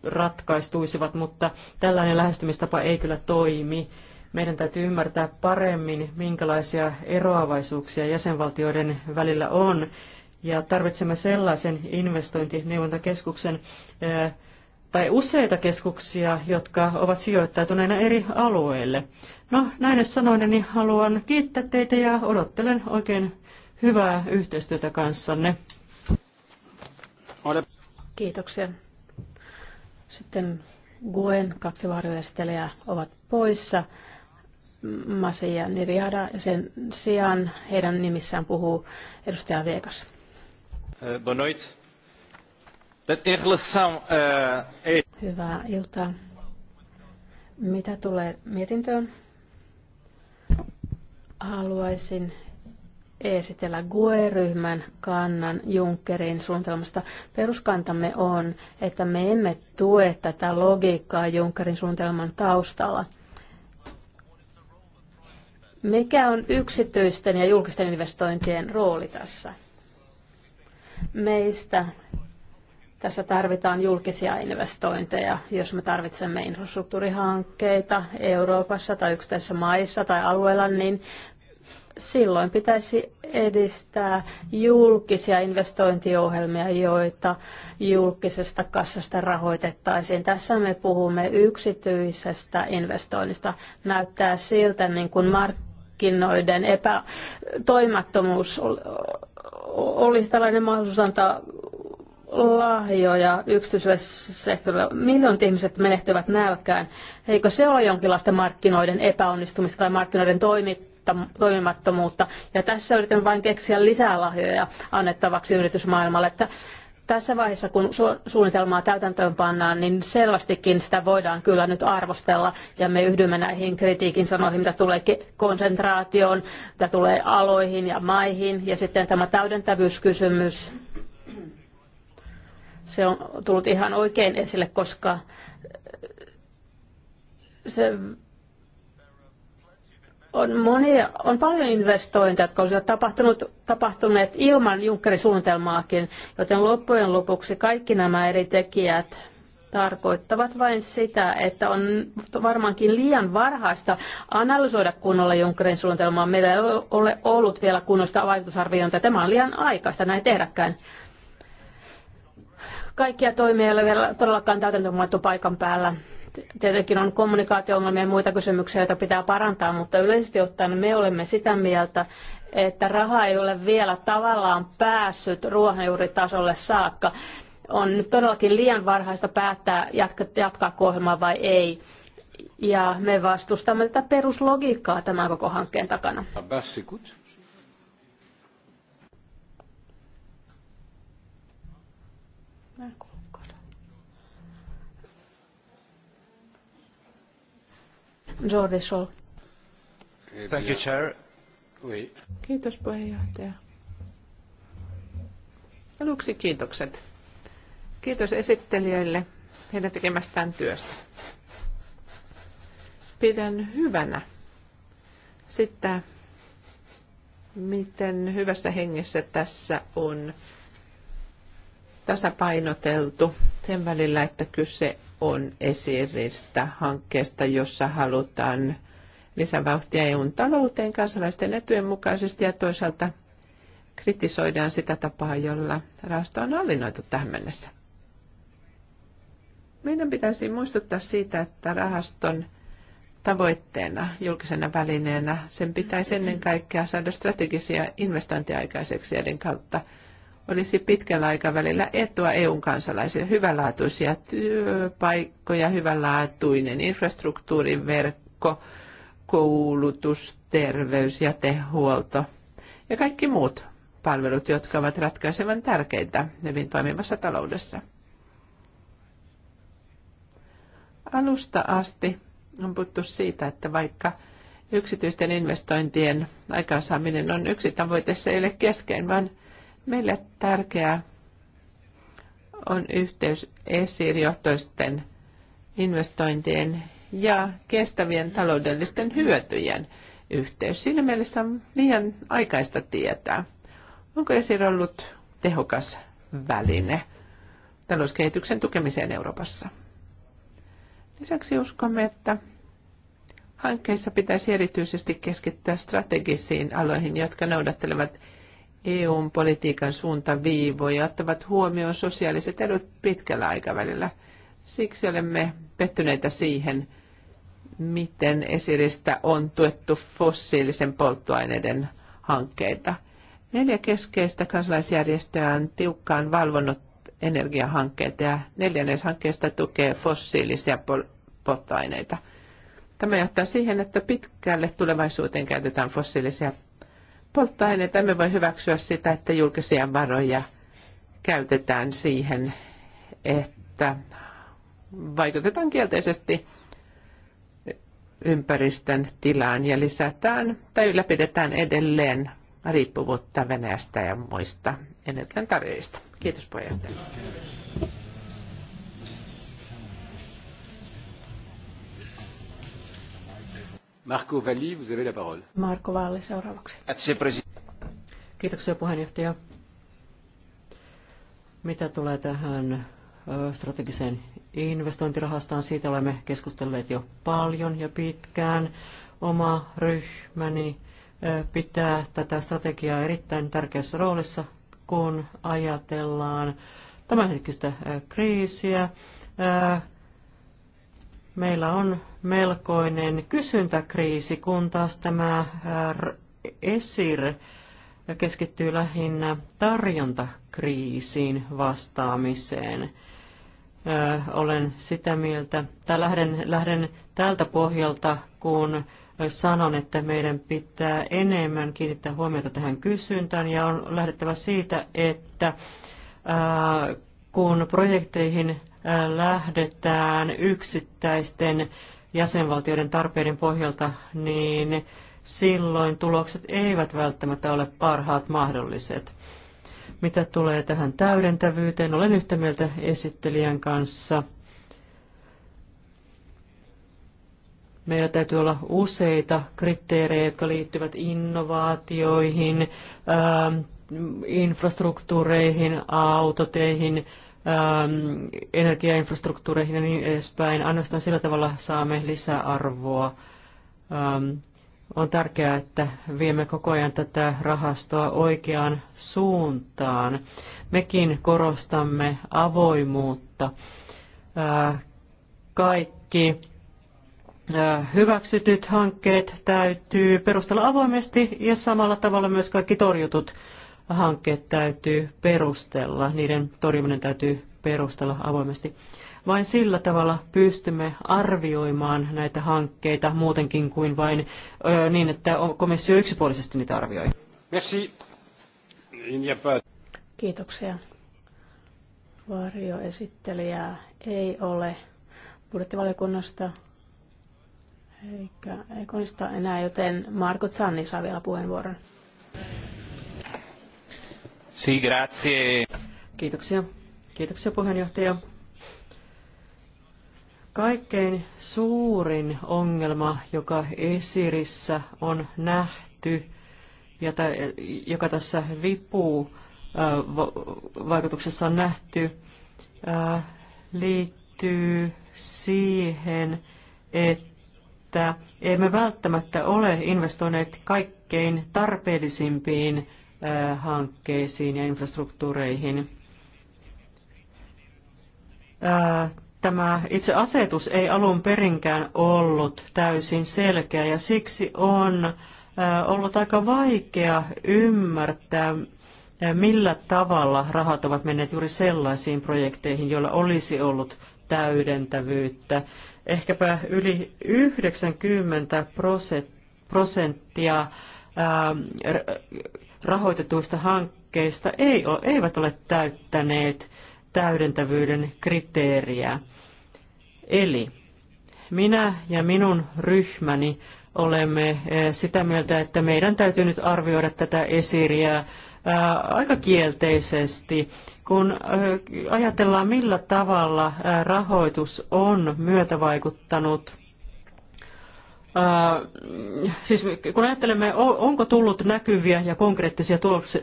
ratkaistuisivat, mutta tällainen lähestymistapa ei kyllä toimi. Meidän täytyy ymmärtää paremmin, minkälaisia eroavaisuuksia jäsenvaltioiden välillä on. Ja tarvitsemme sellaisen investointineuvontakeskuksen, äh, tai useita keskuksia, jotka ovat sijoittautuneena eri alueille. No, näin niin haluan kiittää teitä ja odottelen oikein hyvää yhteistyötä kanssanne. Kiitoksia.
Sitten Guen kaksi varjoesittelijää ovat poissa. Masi ja Niriada, ja sen sijaan heidän nimissään puhuu edustaja Vegas.
Eh, boa Eh,
Hyvää iltaa. Mitä tulee mietintöön? Haluaisin esitellä GUE-ryhmän kannan Junckerin suunnitelmasta. Peruskantamme on, että me emme tue tätä logiikkaa Junckerin suunnitelman taustalla. Mikä on yksityisten ja julkisten investointien rooli tässä? Meistä tässä tarvitaan julkisia investointeja, jos me tarvitsemme infrastruktuurihankkeita Euroopassa tai yksittäisissä maissa tai alueilla, niin silloin pitäisi edistää julkisia investointiohjelmia, joita julkisesta kassasta rahoitettaisiin. Tässä me puhumme yksityisestä investoinnista. Näyttää siltä, niin kuin markkinoiden epätoimattomuus olisi tällainen mahdollisuus antaa lahjoja yksityiselle sektorille. Miljoonat ihmiset menehtyvät nälkään. Eikö se ole jonkinlaista markkinoiden epäonnistumista tai markkinoiden toimimattomuutta? Ja tässä yritän vain keksiä lisää lahjoja annettavaksi yritysmaailmalle. Että tässä vaiheessa, kun suunnitelmaa täytäntöön pannaan, niin selvästikin sitä voidaan kyllä nyt arvostella, ja me yhdymme näihin kritiikin sanoihin, mitä tulee konsentraatioon, mitä tulee aloihin ja maihin, ja sitten tämä täydentävyyskysymys se on tullut ihan oikein esille, koska se on, monia, on paljon investointeja, jotka olisivat tapahtunut, tapahtuneet ilman Junckerin suunnitelmaakin, joten loppujen lopuksi kaikki nämä eri tekijät tarkoittavat vain sitä, että on varmaankin liian varhaista analysoida kunnolla Junckerin suunnitelmaa. Meillä ei ole ollut vielä kunnosta vaikutusarviointia. Tämä on liian aikaista näin tehdäkään. Kaikkia toimia ei ole vielä todellakaan täytäntöönpanettu paikan päällä. Tietenkin on kommunikaatio-ongelmia ja muita kysymyksiä, joita pitää parantaa, mutta yleisesti ottaen me olemme sitä mieltä, että raha ei ole vielä tavallaan päässyt ruohonjuuritasolle saakka. On nyt todellakin liian varhaista päättää, jatka, jatkaako ohjelmaa vai ei. Ja me vastustamme tätä peruslogiikkaa tämän koko hankkeen takana.
Jordi Scholl. Thank you, Chair. Oui. Kiitos puheenjohtaja. Aluksi kiitokset. Kiitos esittelijöille heidän tekemästään työstä. Pidän hyvänä sitä, miten hyvässä hengessä tässä on tasapainoteltu sen välillä, että kyse on esiristä hankkeesta, jossa halutaan lisävauhtia EUn talouteen kansalaisten etujen mukaisesti ja toisaalta kritisoidaan sitä tapaa, jolla rahasto on hallinnoitu tähän mennessä. Meidän pitäisi muistuttaa siitä, että rahaston tavoitteena, julkisena välineenä, sen pitäisi ennen kaikkea saada strategisia investointiaikaiseksi, joiden kautta – olisi pitkällä aikavälillä etua EUn kansalaisille. Hyvänlaatuisia työpaikkoja, hyvänlaatuinen infrastruktuurin verkko, koulutus, terveys, jätehuolto ja kaikki muut palvelut, jotka ovat ratkaisevan tärkeitä hyvin toimivassa taloudessa. Alusta asti on puhuttu siitä, että vaikka yksityisten investointien aikaansaaminen on yksi tavoite, se ei ole kesken, vaan – Meille tärkeää on yhteys esirjohtoisten investointien ja kestävien taloudellisten hyötyjen yhteys. Siinä mielessä on liian aikaista tietää. Onko esir ollut tehokas väline talouskehityksen tukemiseen Euroopassa? Lisäksi uskomme, että hankkeissa pitäisi erityisesti keskittyä strategisiin aloihin, jotka noudattelevat EUn politiikan suuntaviivoja ottavat huomioon sosiaaliset edut pitkällä aikavälillä. Siksi olemme pettyneitä siihen, miten esiristä on tuettu fossiilisen polttoaineiden hankkeita. Neljä keskeistä kansalaisjärjestöä on tiukkaan valvonnut energiahankkeita ja neljännes hankkeista tukee fossiilisia polttoaineita. Tämä johtaa siihen, että pitkälle tulevaisuuteen käytetään fossiilisia polttoaineita. Emme voi hyväksyä sitä, että julkisia varoja käytetään siihen, että vaikutetaan kielteisesti ympäristön tilaan ja lisätään tai ylläpidetään edelleen riippuvuutta Venäjästä ja muista energiantarjoajista. Kiitos puheenjohtaja. Marco Valli, vous avez la parole.
Valli seuraavaksi. Kiitoksia puheenjohtaja. Mitä tulee tähän strategiseen investointirahastoon, siitä olemme keskustelleet jo paljon ja pitkään. Oma ryhmäni pitää tätä strategiaa erittäin tärkeässä roolissa, kun ajatellaan tämänhetkistä kriisiä, meillä on melkoinen kysyntäkriisi, kun taas tämä esir keskittyy lähinnä tarjontakriisiin vastaamiseen. Olen sitä mieltä, tai lähden, lähden tältä pohjalta, kun sanon, että meidän pitää enemmän kiinnittää huomiota tähän kysyntään ja on lähdettävä siitä, että kun projekteihin lähdetään yksittäisten jäsenvaltioiden tarpeiden pohjalta, niin silloin tulokset eivät välttämättä ole parhaat mahdolliset. Mitä tulee tähän täydentävyyteen, olen yhtä mieltä esittelijän kanssa. Meillä täytyy olla useita kriteerejä, jotka liittyvät innovaatioihin, infrastruktuureihin, autoteihin, Ähm, energiainfrastruktuureihin ja niin edespäin. Ainoastaan sillä tavalla saamme lisäarvoa. Ähm, on tärkeää, että viemme koko ajan tätä rahastoa oikeaan suuntaan. Mekin korostamme avoimuutta. Äh, kaikki äh, hyväksytyt hankkeet täytyy perustella avoimesti ja samalla tavalla myös kaikki torjutut hankkeet täytyy perustella, niiden torjuminen täytyy perustella avoimesti. Vain sillä tavalla pystymme arvioimaan näitä hankkeita muutenkin kuin vain ö, niin, että komissio yksipuolisesti niitä arvioi.
Merci.
Kiitoksia. Varjoesittelijää ei ole budjettivaliokunnasta eikä ekonista enää, joten Marko Zanni saa vielä puheenvuoron.
Si, grazie.
Kiitoksia. Kiitoksia puheenjohtaja. Kaikkein suurin ongelma, joka esirissä on nähty, ja joka tässä vipuu vaikutuksessa on nähty, liittyy siihen, että emme välttämättä ole investoineet kaikkein tarpeellisimpiin hankkeisiin ja infrastruktuureihin. Tämä itse asetus ei alun perinkään ollut täysin selkeä ja siksi on ollut aika vaikea ymmärtää, millä tavalla rahat ovat menneet juuri sellaisiin projekteihin, joilla olisi ollut täydentävyyttä. Ehkäpä yli 90 prosenttia prosenttia rahoitetuista hankkeista ei ole, eivät ole täyttäneet täydentävyyden kriteeriä. Eli minä ja minun ryhmäni olemme eh, sitä mieltä, että meidän täytyy nyt arvioida tätä esiriä eh, aika kielteisesti, kun eh, ajatellaan millä tavalla rahoitus on myötävaikuttanut siis kun ajattelemme, onko tullut näkyviä ja konkreettisia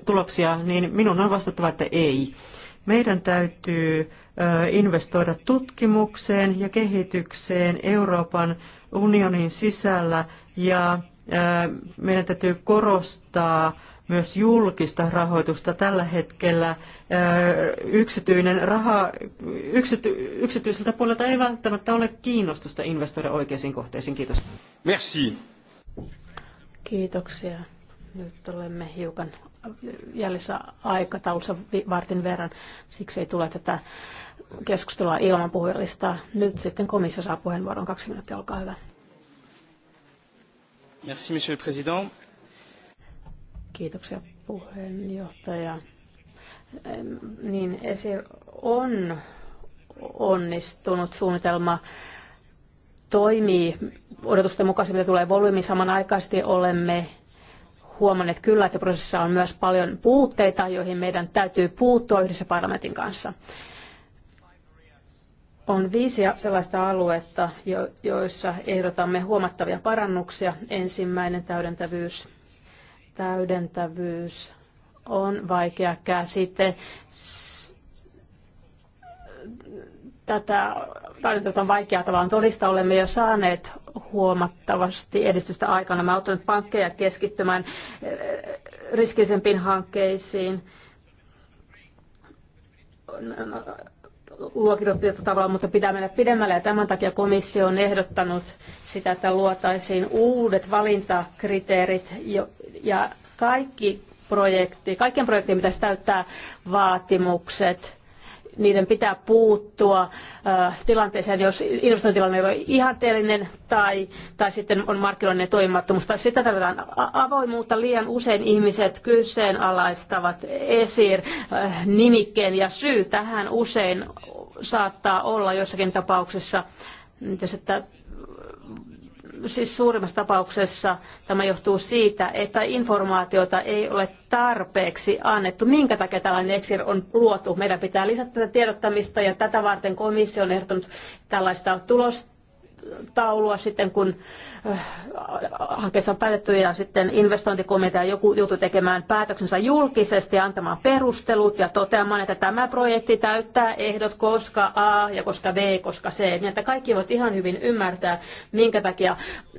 tuloksia, niin minun on vastattava, että ei. Meidän täytyy investoida tutkimukseen ja kehitykseen Euroopan unionin sisällä ja meidän täytyy korostaa myös julkista rahoitusta. Tällä hetkellä yksityinen raha, yksity, yksityiseltä puolelta ei välttämättä ole kiinnostusta investoida oikeisiin kohteisiin. Kiitos. Merci.
Kiitoksia. Nyt olemme hiukan jäljessä aikataulussa vartin verran, siksi ei tule tätä keskustelua ilman puhujalistaa. Nyt sitten komissio saa puheenvuoron. Kaksi minuuttia, olkaa hyvä.
Merci, monsieur le président.
Kiitoksia puheenjohtaja. Niin se on onnistunut suunnitelma toimii odotusten mukaisesti, mitä tulee volyymiin. Samanaikaisesti olemme huomanneet kyllä, että prosessissa on myös paljon puutteita, joihin meidän täytyy puuttua yhdessä parlamentin kanssa. On viisi sellaista aluetta, joissa ehdotamme huomattavia parannuksia. Ensimmäinen täydentävyys Täydentävyys on vaikea käsite. Tätä tarjontaa on vaikea tavallaan todistaa. Olemme jo saaneet huomattavasti edistystä aikana. Mä auttanut pankkeja keskittymään riskisempiin hankkeisiin luokiteltu tavalla, mutta pitää mennä pidemmälle. Ja tämän takia komissio on ehdottanut sitä, että luotaisiin uudet valintakriteerit ja kaikki projekti, kaikkien projektien pitäisi täyttää vaatimukset niiden pitää puuttua äh, tilanteeseen, jos investointitilanne ei ole ihanteellinen tai, tai sitten on markkinoiden toimimattomuus. Sitä tarvitaan avoimuutta. Liian usein ihmiset kyseenalaistavat esir äh, nimikkeen ja syy tähän usein saattaa olla jossakin tapauksessa, että siis suurimmassa tapauksessa tämä johtuu siitä, että informaatiota ei ole tarpeeksi annettu. Minkä takia tällainen EXIR on luotu? Meidän pitää lisätä tätä tiedottamista ja tätä varten komissio on ehdottanut tällaista tulosta taulua sitten, kun äh, hankkeessa on päätetty ja sitten investointikomitea joku joutui tekemään päätöksensä julkisesti ja antamaan perustelut ja toteamaan, että tämä projekti täyttää ehdot koska A ja koska B, koska C, niin että kaikki voivat ihan hyvin ymmärtää, minkä takia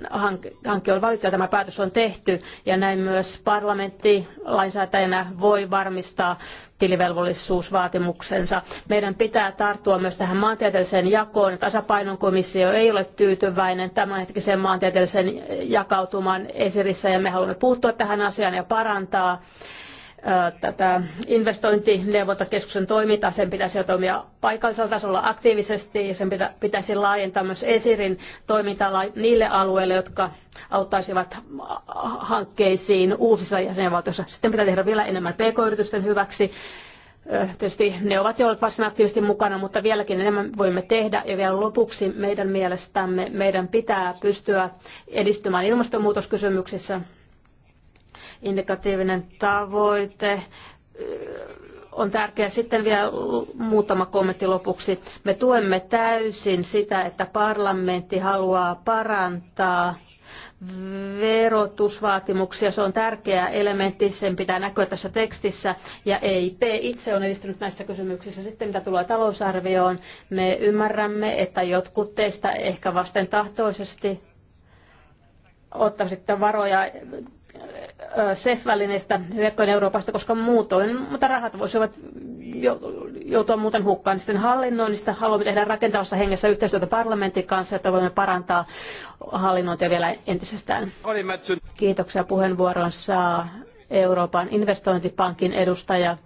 hanke on valittu ja tämä päätös on tehty ja näin myös parlamentti lainsäätäjänä voi varmistaa tilivelvollisuusvaatimuksensa. Meidän pitää tarttua myös tähän maantieteelliseen jakoon. Tasapainon komissio ei ole tyytyväinen tämänhetkiseen maantieteelliseen jakautumaan esirissä ja me haluamme puuttua tähän asiaan ja parantaa tätä investointineuvontakeskuksen toimintaa. Sen pitäisi toimia paikallisella tasolla aktiivisesti ja sen pitä, pitäisi laajentaa myös esirin toimintaa niille alueille, jotka auttaisivat hankkeisiin uusissa jäsenvaltioissa. Sitten pitää tehdä vielä enemmän pk-yritysten hyväksi. Tietysti ne ovat jo olleet varsin aktiivisesti mukana, mutta vieläkin enemmän voimme tehdä. Ja vielä lopuksi meidän mielestämme meidän pitää pystyä edistymään ilmastonmuutoskysymyksissä indikatiivinen tavoite on tärkeää. Sitten vielä muutama kommentti lopuksi. Me tuemme täysin sitä, että parlamentti haluaa parantaa verotusvaatimuksia. Se on tärkeä elementti, sen pitää näkyä tässä tekstissä. Ja EIP itse on edistynyt näissä kysymyksissä. Sitten mitä tulee talousarvioon, me ymmärrämme, että jotkut teistä ehkä vasten tahtoisesti ottaisitte varoja cef välineistä verkkojen Euroopasta, koska muutoin, mutta rahat voisivat joutua muuten hukkaan. Sitten hallinnoinnista haluamme tehdä rakentavassa hengessä yhteistyötä parlamentin kanssa, että voimme parantaa hallinnointia vielä entisestään. Kiitoksia puheenvuoron saa Euroopan investointipankin edustaja.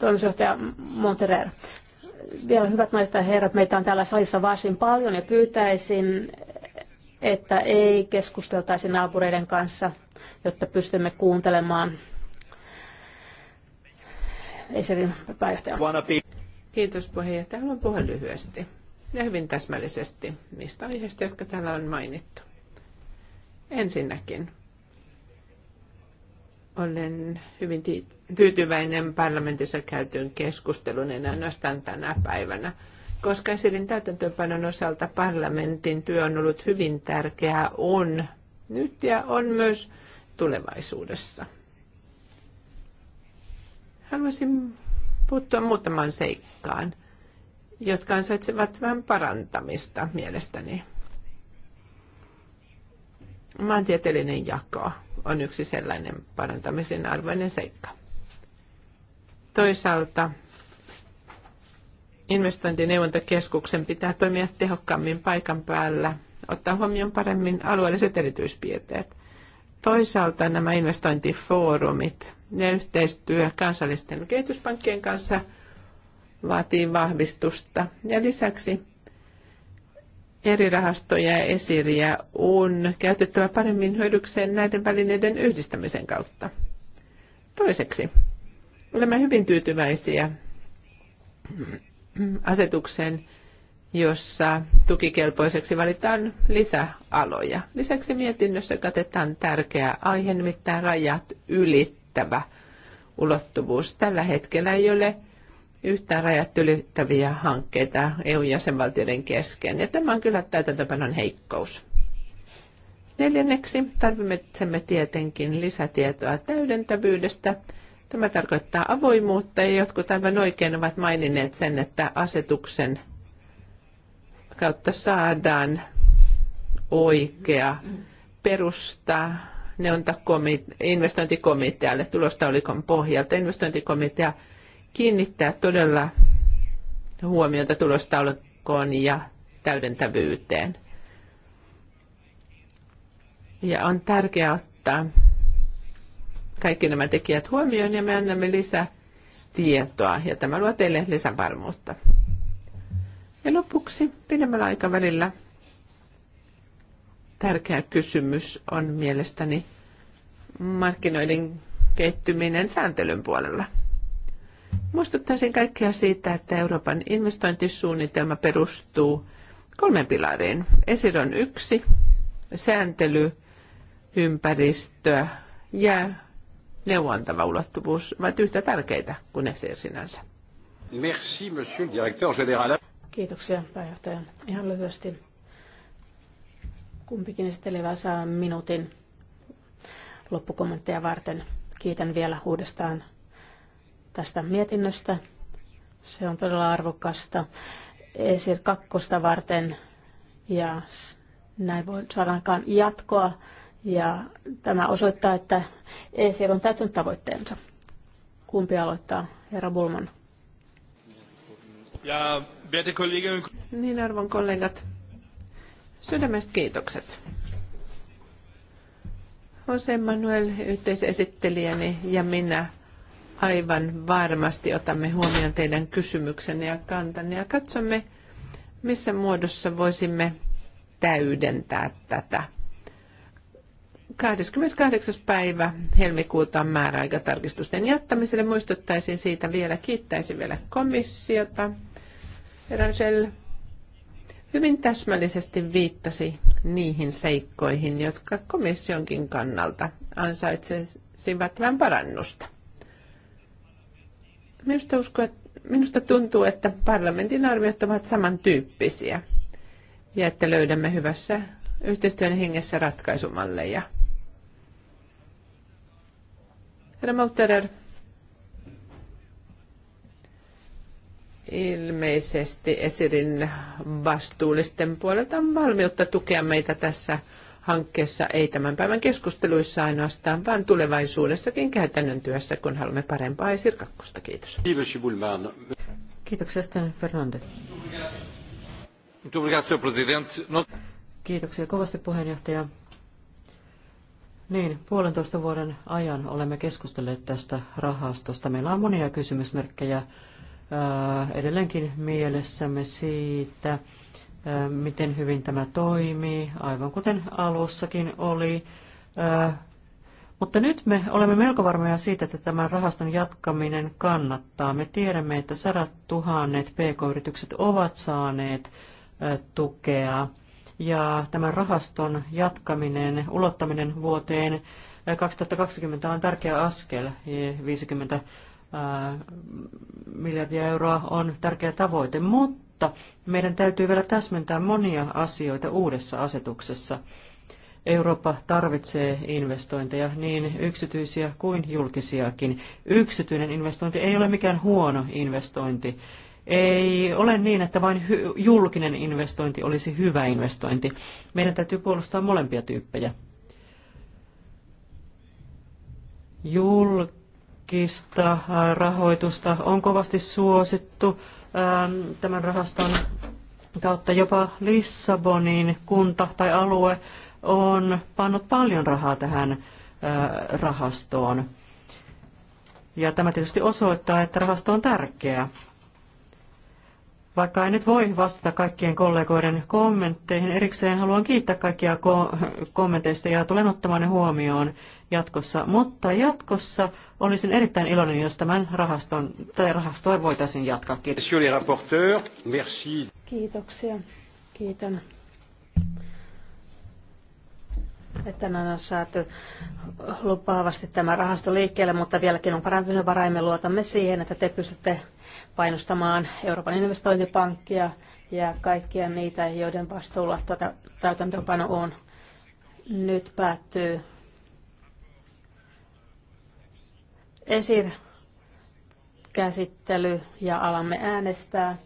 Toimitusjohtaja Monterer
vielä hyvät naiset ja herrat, meitä on täällä salissa varsin paljon ja pyytäisin, että ei keskusteltaisi naapureiden kanssa, jotta pystymme kuuntelemaan
Esirin pääjohtaja. Kiitos puheenjohtaja. Haluan puhua lyhyesti ja hyvin täsmällisesti niistä aiheista, jotka täällä on mainittu. Ensinnäkin olen hyvin tyytyväinen parlamentissa käytyyn keskustelun enää ainoastaan tänä päivänä, koska Esilin täytäntöönpanon osalta parlamentin työ on ollut hyvin tärkeää on nyt ja on myös tulevaisuudessa. Haluaisin puuttua muutamaan seikkaan, jotka ansaitsevat vähän parantamista mielestäni. Maantieteellinen jako on yksi sellainen parantamisen arvoinen seikka. Toisaalta investointineuvontakeskuksen pitää toimia tehokkaammin paikan päällä, ottaa huomioon paremmin alueelliset erityispiirteet. Toisaalta nämä investointifoorumit ja yhteistyö kansallisten kehityspankkien kanssa vaatii vahvistusta. Ja lisäksi eri rahastoja ja esiriä on käytettävä paremmin hyödykseen näiden välineiden yhdistämisen kautta. Toiseksi, olemme hyvin tyytyväisiä asetukseen, jossa tukikelpoiseksi valitaan lisäaloja. Lisäksi mietinnössä katetaan tärkeä aihe, nimittäin rajat ylittävä ulottuvuus. Tällä hetkellä ei ole yhtään rajat ylittäviä hankkeita EU-jäsenvaltioiden kesken. Ja tämä on kyllä täytäntöpanon heikkous. Neljänneksi tarvitsemme tietenkin lisätietoa täydentävyydestä. Tämä tarkoittaa avoimuutta ja jotkut aivan oikein ovat maininneet sen, että asetuksen kautta saadaan oikea perusta neontakomit- investointikomitealle tulostaulikon pohjalta. Investointikomitea kiinnittää todella huomiota tulostaulukkoon ja täydentävyyteen. Ja on tärkeää ottaa kaikki nämä tekijät huomioon ja me annamme lisää tietoa ja tämä luo teille lisävarmuutta. Ja lopuksi pidemmällä aikavälillä tärkeä kysymys on mielestäni markkinoiden kehittyminen sääntelyn puolella. Muistuttaisin kaikkia siitä, että Euroopan investointisuunnitelma perustuu kolmen pilariin. Esir on yksi, sääntely, ympäristö ja neuvontava ulottuvuus ovat yhtä tärkeitä kuin Esir sinänsä. Merci, monsieur le directeur général.
Kiitoksia pääjohtaja. Ihan lyhyesti. Kumpikin esittelevä saa minuutin loppukommentteja varten. Kiitän vielä uudestaan tästä mietinnöstä. Se on todella arvokasta ESIR kakkosta varten ja näin voi saadaankaan jatkoa. Ja tämä osoittaa, että ESIR on täytynyt tavoitteensa. Kumpi
aloittaa, herra Bulman? Ja, niin arvon kollegat, sydämestä kiitokset. Jose Manuel yhteisesittelijäni ja minä aivan varmasti otamme huomioon teidän kysymyksenne ja kantanne ja katsomme, missä muodossa voisimme täydentää tätä. 28. päivä helmikuuta on määräaikatarkistusten tarkistusten jättämiselle. Muistuttaisin siitä vielä, kiittäisin vielä komissiota. Rangel hyvin täsmällisesti viittasi niihin seikkoihin, jotka komissionkin kannalta ansaitsisivat vähän parannusta. Minusta, usko, että, minusta tuntuu, että parlamentin arviot ovat samantyyppisiä ja että löydämme hyvässä yhteistyön hengessä ratkaisumalleja. Herra Malterer, ilmeisesti Esirin vastuullisten puolelta on valmiutta tukea meitä tässä hankkeessa, ei tämän päivän keskusteluissa ainoastaan, vaan tulevaisuudessakin käytännön työssä, kun haluamme parempaa esir Kiitos. Kiitoksia, Sten Fernandes.
Kiitoksia kovasti puheenjohtaja. Niin, puolentoista vuoden ajan olemme keskustelleet tästä rahastosta. Meillä on monia kysymysmerkkejä edelleenkin mielessämme siitä, miten hyvin tämä toimii, aivan kuten alussakin oli. Mutta nyt me olemme melko varmoja siitä, että tämän rahaston jatkaminen kannattaa. Me tiedämme, että sadat tuhannet pk-yritykset ovat saaneet tukea ja tämän rahaston jatkaminen, ulottaminen vuoteen 2020 on tärkeä askel. 50 miljardia euroa on tärkeä tavoite, mutta mutta meidän täytyy vielä täsmentää monia asioita uudessa asetuksessa. Eurooppa tarvitsee investointeja, niin yksityisiä kuin julkisiakin. Yksityinen investointi ei ole mikään huono investointi. Ei ole niin, että vain julkinen investointi olisi hyvä investointi. Meidän täytyy puolustaa molempia tyyppejä. Julkista rahoitusta on kovasti suosittu Ähm, tämän rahaston kautta jopa Lissabonin kunta tai alue on pannut paljon rahaa tähän äh, rahastoon. Ja tämä tietysti osoittaa, että rahasto on tärkeä. Vaikka en nyt voi vastata kaikkien kollegoiden kommentteihin erikseen, haluan kiittää kaikkia ko- kommenteista ja tulen ottamaan ne huomioon jatkossa. Mutta jatkossa olisin erittäin iloinen, jos tämän rahaston, tai rahastoa voitaisiin jatkaa. Kiitos.
Kiitoksia. Kiitän. Että on saatu lupaavasti tämä rahasto liikkeelle, mutta vieläkin on parantunut varaimme. Luotamme siihen, että te pystytte painostamaan Euroopan investointipankkia ja kaikkia niitä, joiden vastuulla tuota täytäntöönpano on. Nyt päättyy esirkäsittely ja alamme äänestää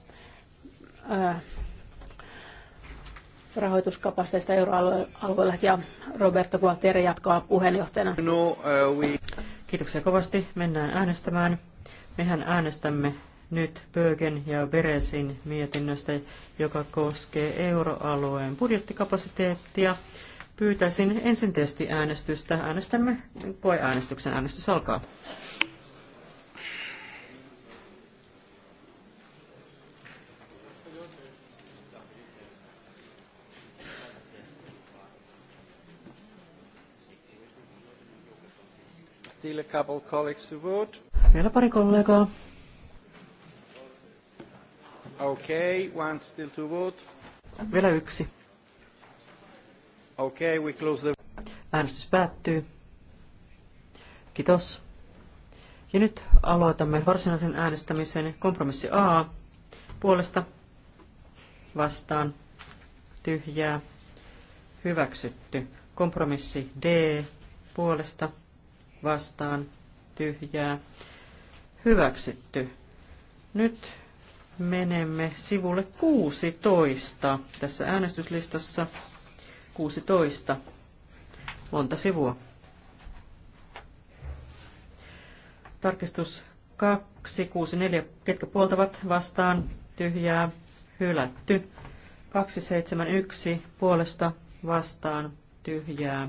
rahoituskapasiteista euroalueella ja Roberto Gualtieri
jatkaa puheenjohtajana. No, uh, we... Kiitoksia kovasti. Mennään äänestämään. Mehän äänestämme nyt Bögen ja Beresin mietinnöstä, joka koskee euroalueen budjettikapasiteettia. Pyytäisin ensin testiäänestystä. Äänestämme koeäänestyksen. Äänestys alkaa. Vielä pari kollegaa
Okay, one still to vote.
Vielä yksi. Okay, we close the... Äänestys päättyy. Kiitos. Ja nyt aloitamme varsinaisen äänestämisen. Kompromissi A puolesta vastaan tyhjää hyväksytty. Kompromissi D puolesta vastaan tyhjää hyväksytty. Nyt menemme sivulle 16 tässä äänestyslistassa. 16. Monta sivua. Tarkistus 264. Ketkä puoltavat vastaan? Tyhjää. Hylätty. 271 puolesta vastaan tyhjää.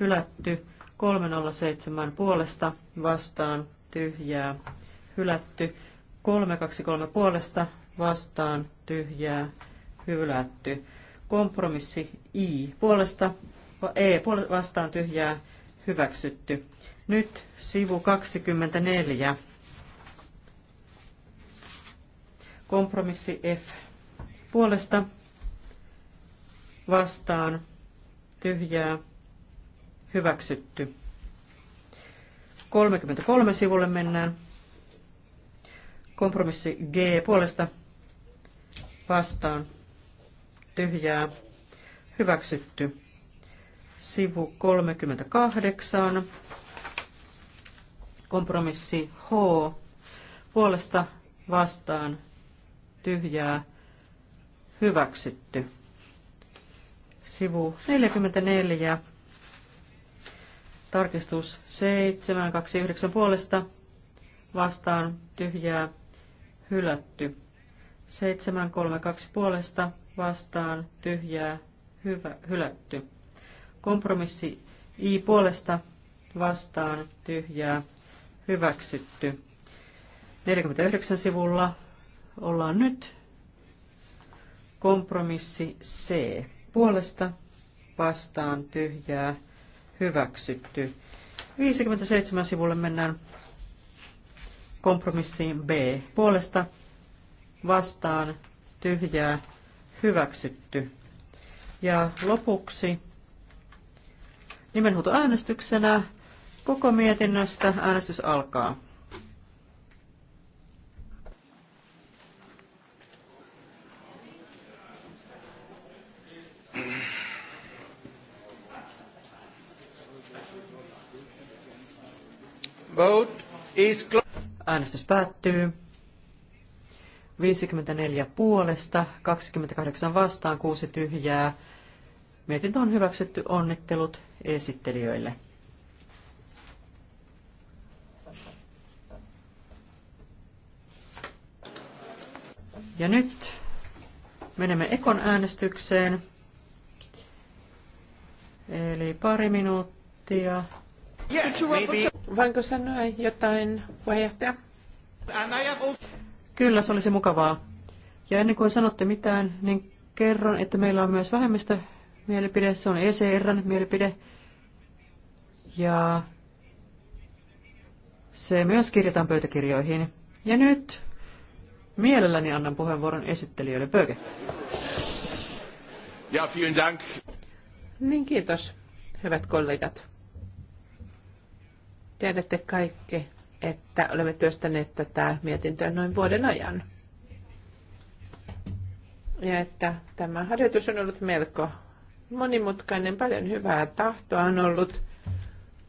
Hylätty 307 puolesta vastaan tyhjää. Hylätty 323 puolesta vastaan tyhjää hylätty. Kompromissi I puolesta, E vastaan tyhjää hyväksytty. Nyt sivu 24. Kompromissi F puolesta vastaan tyhjää hyväksytty. 33 sivulle mennään. Kompromissi G puolesta vastaan tyhjää hyväksytty. Sivu 38. Kompromissi H puolesta vastaan tyhjää hyväksytty. Sivu 44. Tarkistus 729 puolesta vastaan tyhjää hylätty. 732 puolesta vastaan tyhjää hyvä, hylätty. Kompromissi I puolesta vastaan tyhjää hyväksytty. 49 sivulla ollaan nyt kompromissi C puolesta vastaan tyhjää hyväksytty. 57 sivulle mennään kompromissiin B. Puolesta vastaan tyhjää hyväksytty. Ja lopuksi nimenhuutoäänestyksenä koko mietinnöstä äänestys alkaa. Vote is closed. Äänestys päättyy. 54 puolesta, 28 vastaan, 6 tyhjää. Mietintö on hyväksytty. Onnittelut esittelijöille. Ja nyt menemme Ekon äänestykseen. Eli pari minuuttia.
Yes, Voinko sanoa jotain, puheenjohtaja?
Kyllä, se olisi mukavaa. Ja ennen kuin sanotte mitään, niin kerron, että meillä on myös vähemmistö mielipide. Se on ECRn mielipide. Ja se myös kirjataan pöytäkirjoihin. Ja nyt mielelläni annan puheenvuoron esittelijöille. Pöyke.
Ja, vielen dank. Niin, kiitos, hyvät kollegat. Tiedätte kaikki, että olemme työstäneet tätä mietintöä noin vuoden ajan. Ja että tämä harjoitus on ollut melko monimutkainen, paljon hyvää tahtoa on ollut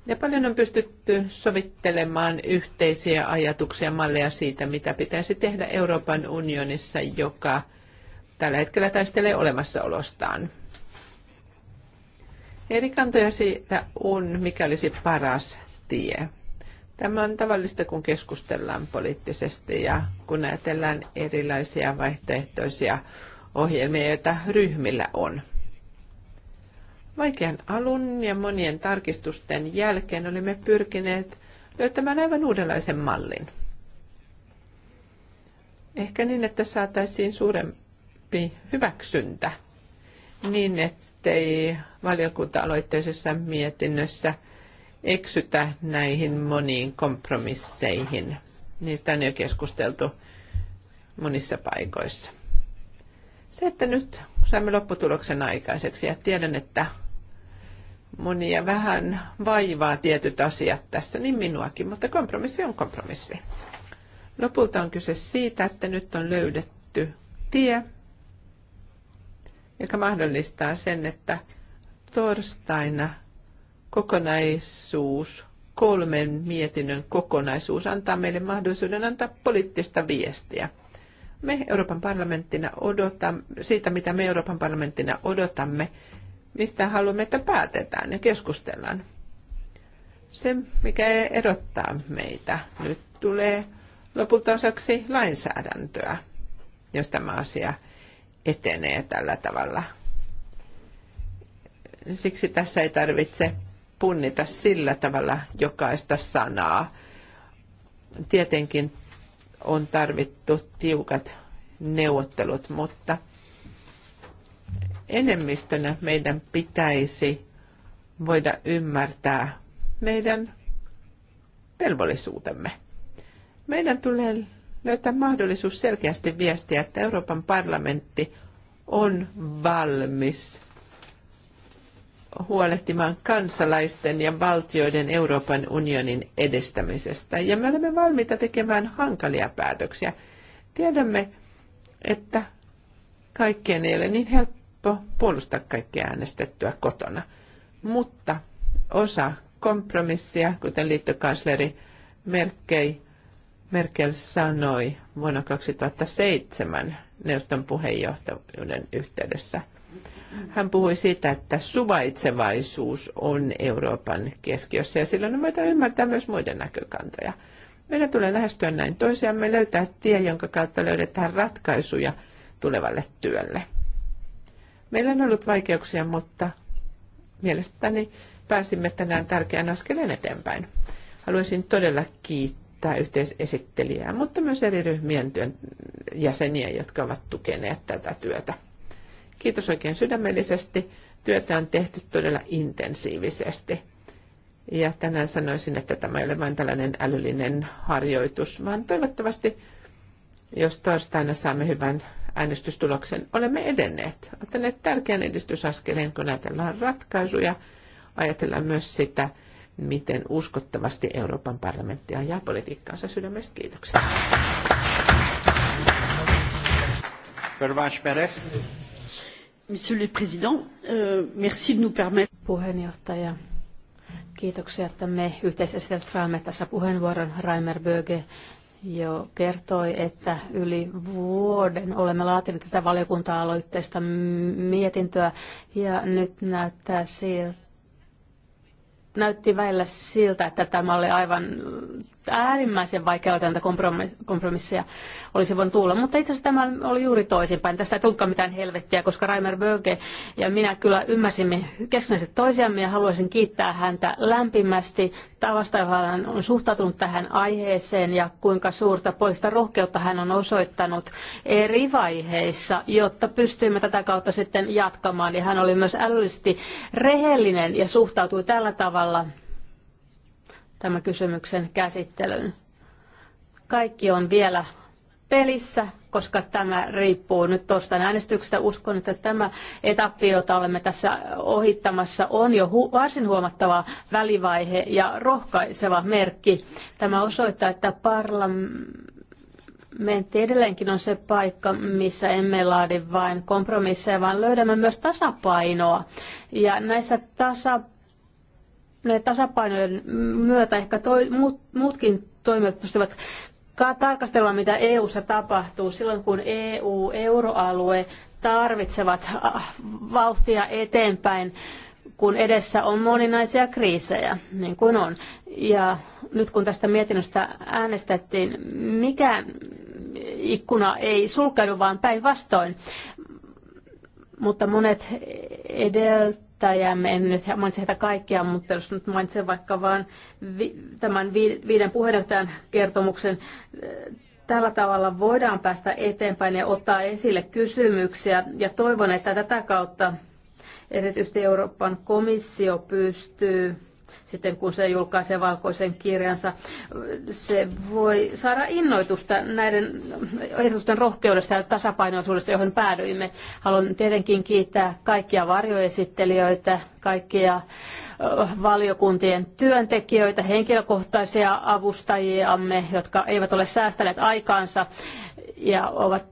ja paljon on pystytty sovittelemaan yhteisiä ajatuksia ja malleja siitä, mitä pitäisi tehdä Euroopan unionissa, joka tällä hetkellä taistelee olemassaolostaan. Eri kantoja siitä on, mikä olisi paras tie. Tämä on tavallista, kun keskustellaan poliittisesti ja kun ajatellaan erilaisia vaihtoehtoisia ohjelmia, joita ryhmillä on. Vaikean alun ja monien tarkistusten jälkeen olimme pyrkineet löytämään aivan uudenlaisen mallin. Ehkä niin, että saataisiin suurempi hyväksyntä niin, ettei valiokunta-aloitteisessa mietinnössä – eksytä näihin moniin kompromisseihin. Niistä on jo keskusteltu monissa paikoissa. Se, että nyt saimme lopputuloksen aikaiseksi ja tiedän, että monia vähän vaivaa tietyt asiat tässä, niin minuakin, mutta kompromissi on kompromissi. Lopulta on kyse siitä, että nyt on löydetty tie, joka mahdollistaa sen, että torstaina kokonaisuus, kolmen mietinnön kokonaisuus antaa meille mahdollisuuden antaa poliittista viestiä. Me Euroopan parlamenttina odotamme, siitä mitä me Euroopan parlamenttina odotamme, mistä haluamme, että päätetään ja keskustellaan. Se, mikä erottaa meitä nyt, tulee lopulta osaksi lainsäädäntöä, jos tämä asia etenee tällä tavalla. Siksi tässä ei tarvitse punnita sillä tavalla jokaista sanaa. Tietenkin on tarvittu tiukat neuvottelut, mutta enemmistönä meidän pitäisi voida ymmärtää meidän velvollisuutemme. Meidän tulee löytää mahdollisuus selkeästi viestiä, että Euroopan parlamentti on valmis huolehtimaan kansalaisten ja valtioiden Euroopan unionin edistämisestä. Ja me olemme valmiita tekemään hankalia päätöksiä. Tiedämme, että kaikkien ei ole niin helppo puolustaa kaikkea äänestettyä kotona. Mutta osa kompromissia, kuten liittokansleri Merkel, Merkel sanoi vuonna 2007 neuvoston puheenjohtajuuden yhteydessä – hän puhui siitä, että suvaitsevaisuus on Euroopan keskiössä ja silloin me ymmärtää myös muiden näkökantoja. Meidän tulee lähestyä näin toisiamme, löytää tie, jonka kautta löydetään ratkaisuja tulevalle työlle. Meillä on ollut vaikeuksia, mutta mielestäni pääsimme tänään tärkeän askeleen eteenpäin. Haluaisin todella kiittää yhteisesittelijää, mutta myös eri ryhmien työn jäseniä, jotka ovat tukeneet tätä työtä. Kiitos oikein sydämellisesti. Työtä on tehty todella intensiivisesti. Ja tänään sanoisin, että tämä ei ole vain tällainen älyllinen harjoitus, vaan toivottavasti, jos torstaina saamme hyvän äänestystuloksen, olemme edenneet. Ottaneet tärkeän edistysaskeleen, kun ajatellaan ratkaisuja, ajatellaan myös sitä, miten uskottavasti Euroopan parlamentti ajaa politiikkaansa sydämestä. Kiitoksia. Pervash Perez.
Monsieur le Président, euh, merci de nous permettre. Puheenjohtaja,
kiitoksia, että me yhteisesti saamme tässä puheenvuoron. Raimer Böge jo kertoi, että yli vuoden olemme laatineet tätä valiokunta-aloitteesta mietintöä ja nyt näyttää siltä, näytti välillä siltä, että tämä oli aivan äärimmäisen vaikea tätä kompromissia olisi voinut tulla. Mutta itse asiassa tämä oli juuri toisinpäin. Tästä ei tullutkaan mitään helvettiä, koska Raimer Böge ja minä kyllä ymmärsimme keskenäiset toisiamme ja haluaisin kiittää häntä lämpimästi tavasta, johon hän on suhtautunut tähän aiheeseen ja kuinka suurta poista rohkeutta hän on osoittanut eri vaiheissa, jotta pystyimme tätä kautta sitten jatkamaan. Ja hän oli myös älyllisesti rehellinen ja suhtautui tällä tavalla tavalla tämän kysymyksen käsittelyn. Kaikki on vielä pelissä, koska tämä riippuu nyt tuosta äänestyksestä. Uskon, että tämä etappi, jota olemme tässä ohittamassa, on jo hu- varsin huomattava välivaihe ja rohkaiseva merkki. Tämä osoittaa, että parlamentti edelleenkin on se paikka, missä emme laadi vain kompromisseja, vaan löydämme myös tasapainoa. Ja näissä tasapainoissa näiden tasapainojen myötä ehkä toi, muut, muutkin toimijat pystyvät tarkastella, mitä EU:ssa tapahtuu silloin, kun EU, euroalue tarvitsevat ah, vauhtia eteenpäin, kun edessä on moninaisia kriisejä, niin kuin on. Ja nyt kun tästä mietinnöstä äänestettiin, mikä ikkuna ei sulkeudu, vaan päinvastoin. Mutta monet edeltä päättäjämme, en nyt mainitse heitä kaikkia, mutta jos nyt mainitsen vaikka vain vi, tämän viiden puheenjohtajan kertomuksen, eh, tällä tavalla voidaan päästä eteenpäin ja ottaa esille kysymyksiä ja toivon, että tätä kautta erityisesti Euroopan komissio pystyy sitten kun se julkaisee valkoisen kirjansa. Se voi saada innoitusta näiden ehdotusten rohkeudesta ja tasapainoisuudesta, johon päädyimme. Haluan tietenkin kiittää kaikkia varjoesittelijöitä, kaikkia valiokuntien työntekijöitä, henkilökohtaisia avustajiamme, jotka eivät ole säästäneet aikaansa ja ovat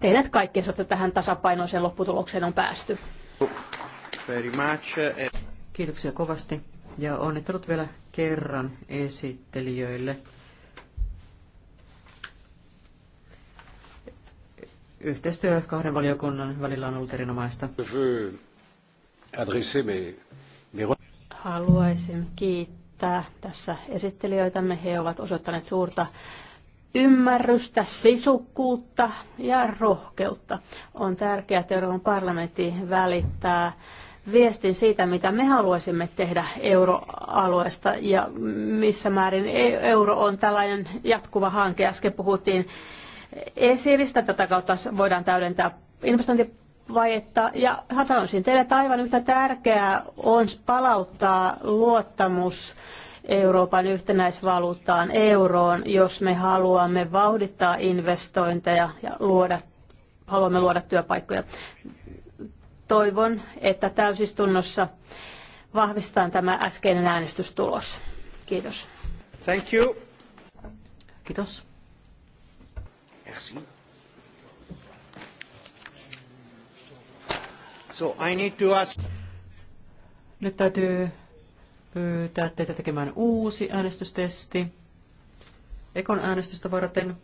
tehneet kaikkensa, että tähän tasapainoiseen
lopputulokseen on päästy. Kiitoksia kovasti ja onnittelut vielä kerran esittelijöille. Yhteistyö kahden valiokunnan välillä on ollut erinomaista.
Haluaisin kiittää tässä esittelijöitämme. He ovat osoittaneet suurta ymmärrystä, sisukkuutta ja rohkeutta. On tärkeää, että Euroopan parlamentti välittää viestin siitä, mitä me haluaisimme tehdä euroalueesta ja missä määrin e- euro on tällainen jatkuva hanke. Äsken puhuttiin esiristä, tätä kautta voidaan täydentää investointivajetta. Ja sanoisin teille, että aivan yhtä tärkeää on palauttaa luottamus Euroopan yhtenäisvaluuttaan, euroon, jos me haluamme vauhdittaa investointeja ja luoda, haluamme luoda työpaikkoja toivon, että täysistunnossa vahvistetaan tämä äskeinen äänestystulos. Kiitos. Thank you. Kiitos.
Merci. So I need to ask... Nyt täytyy pyytää teitä tekemään uusi äänestystesti. Ekon äänestystä varten.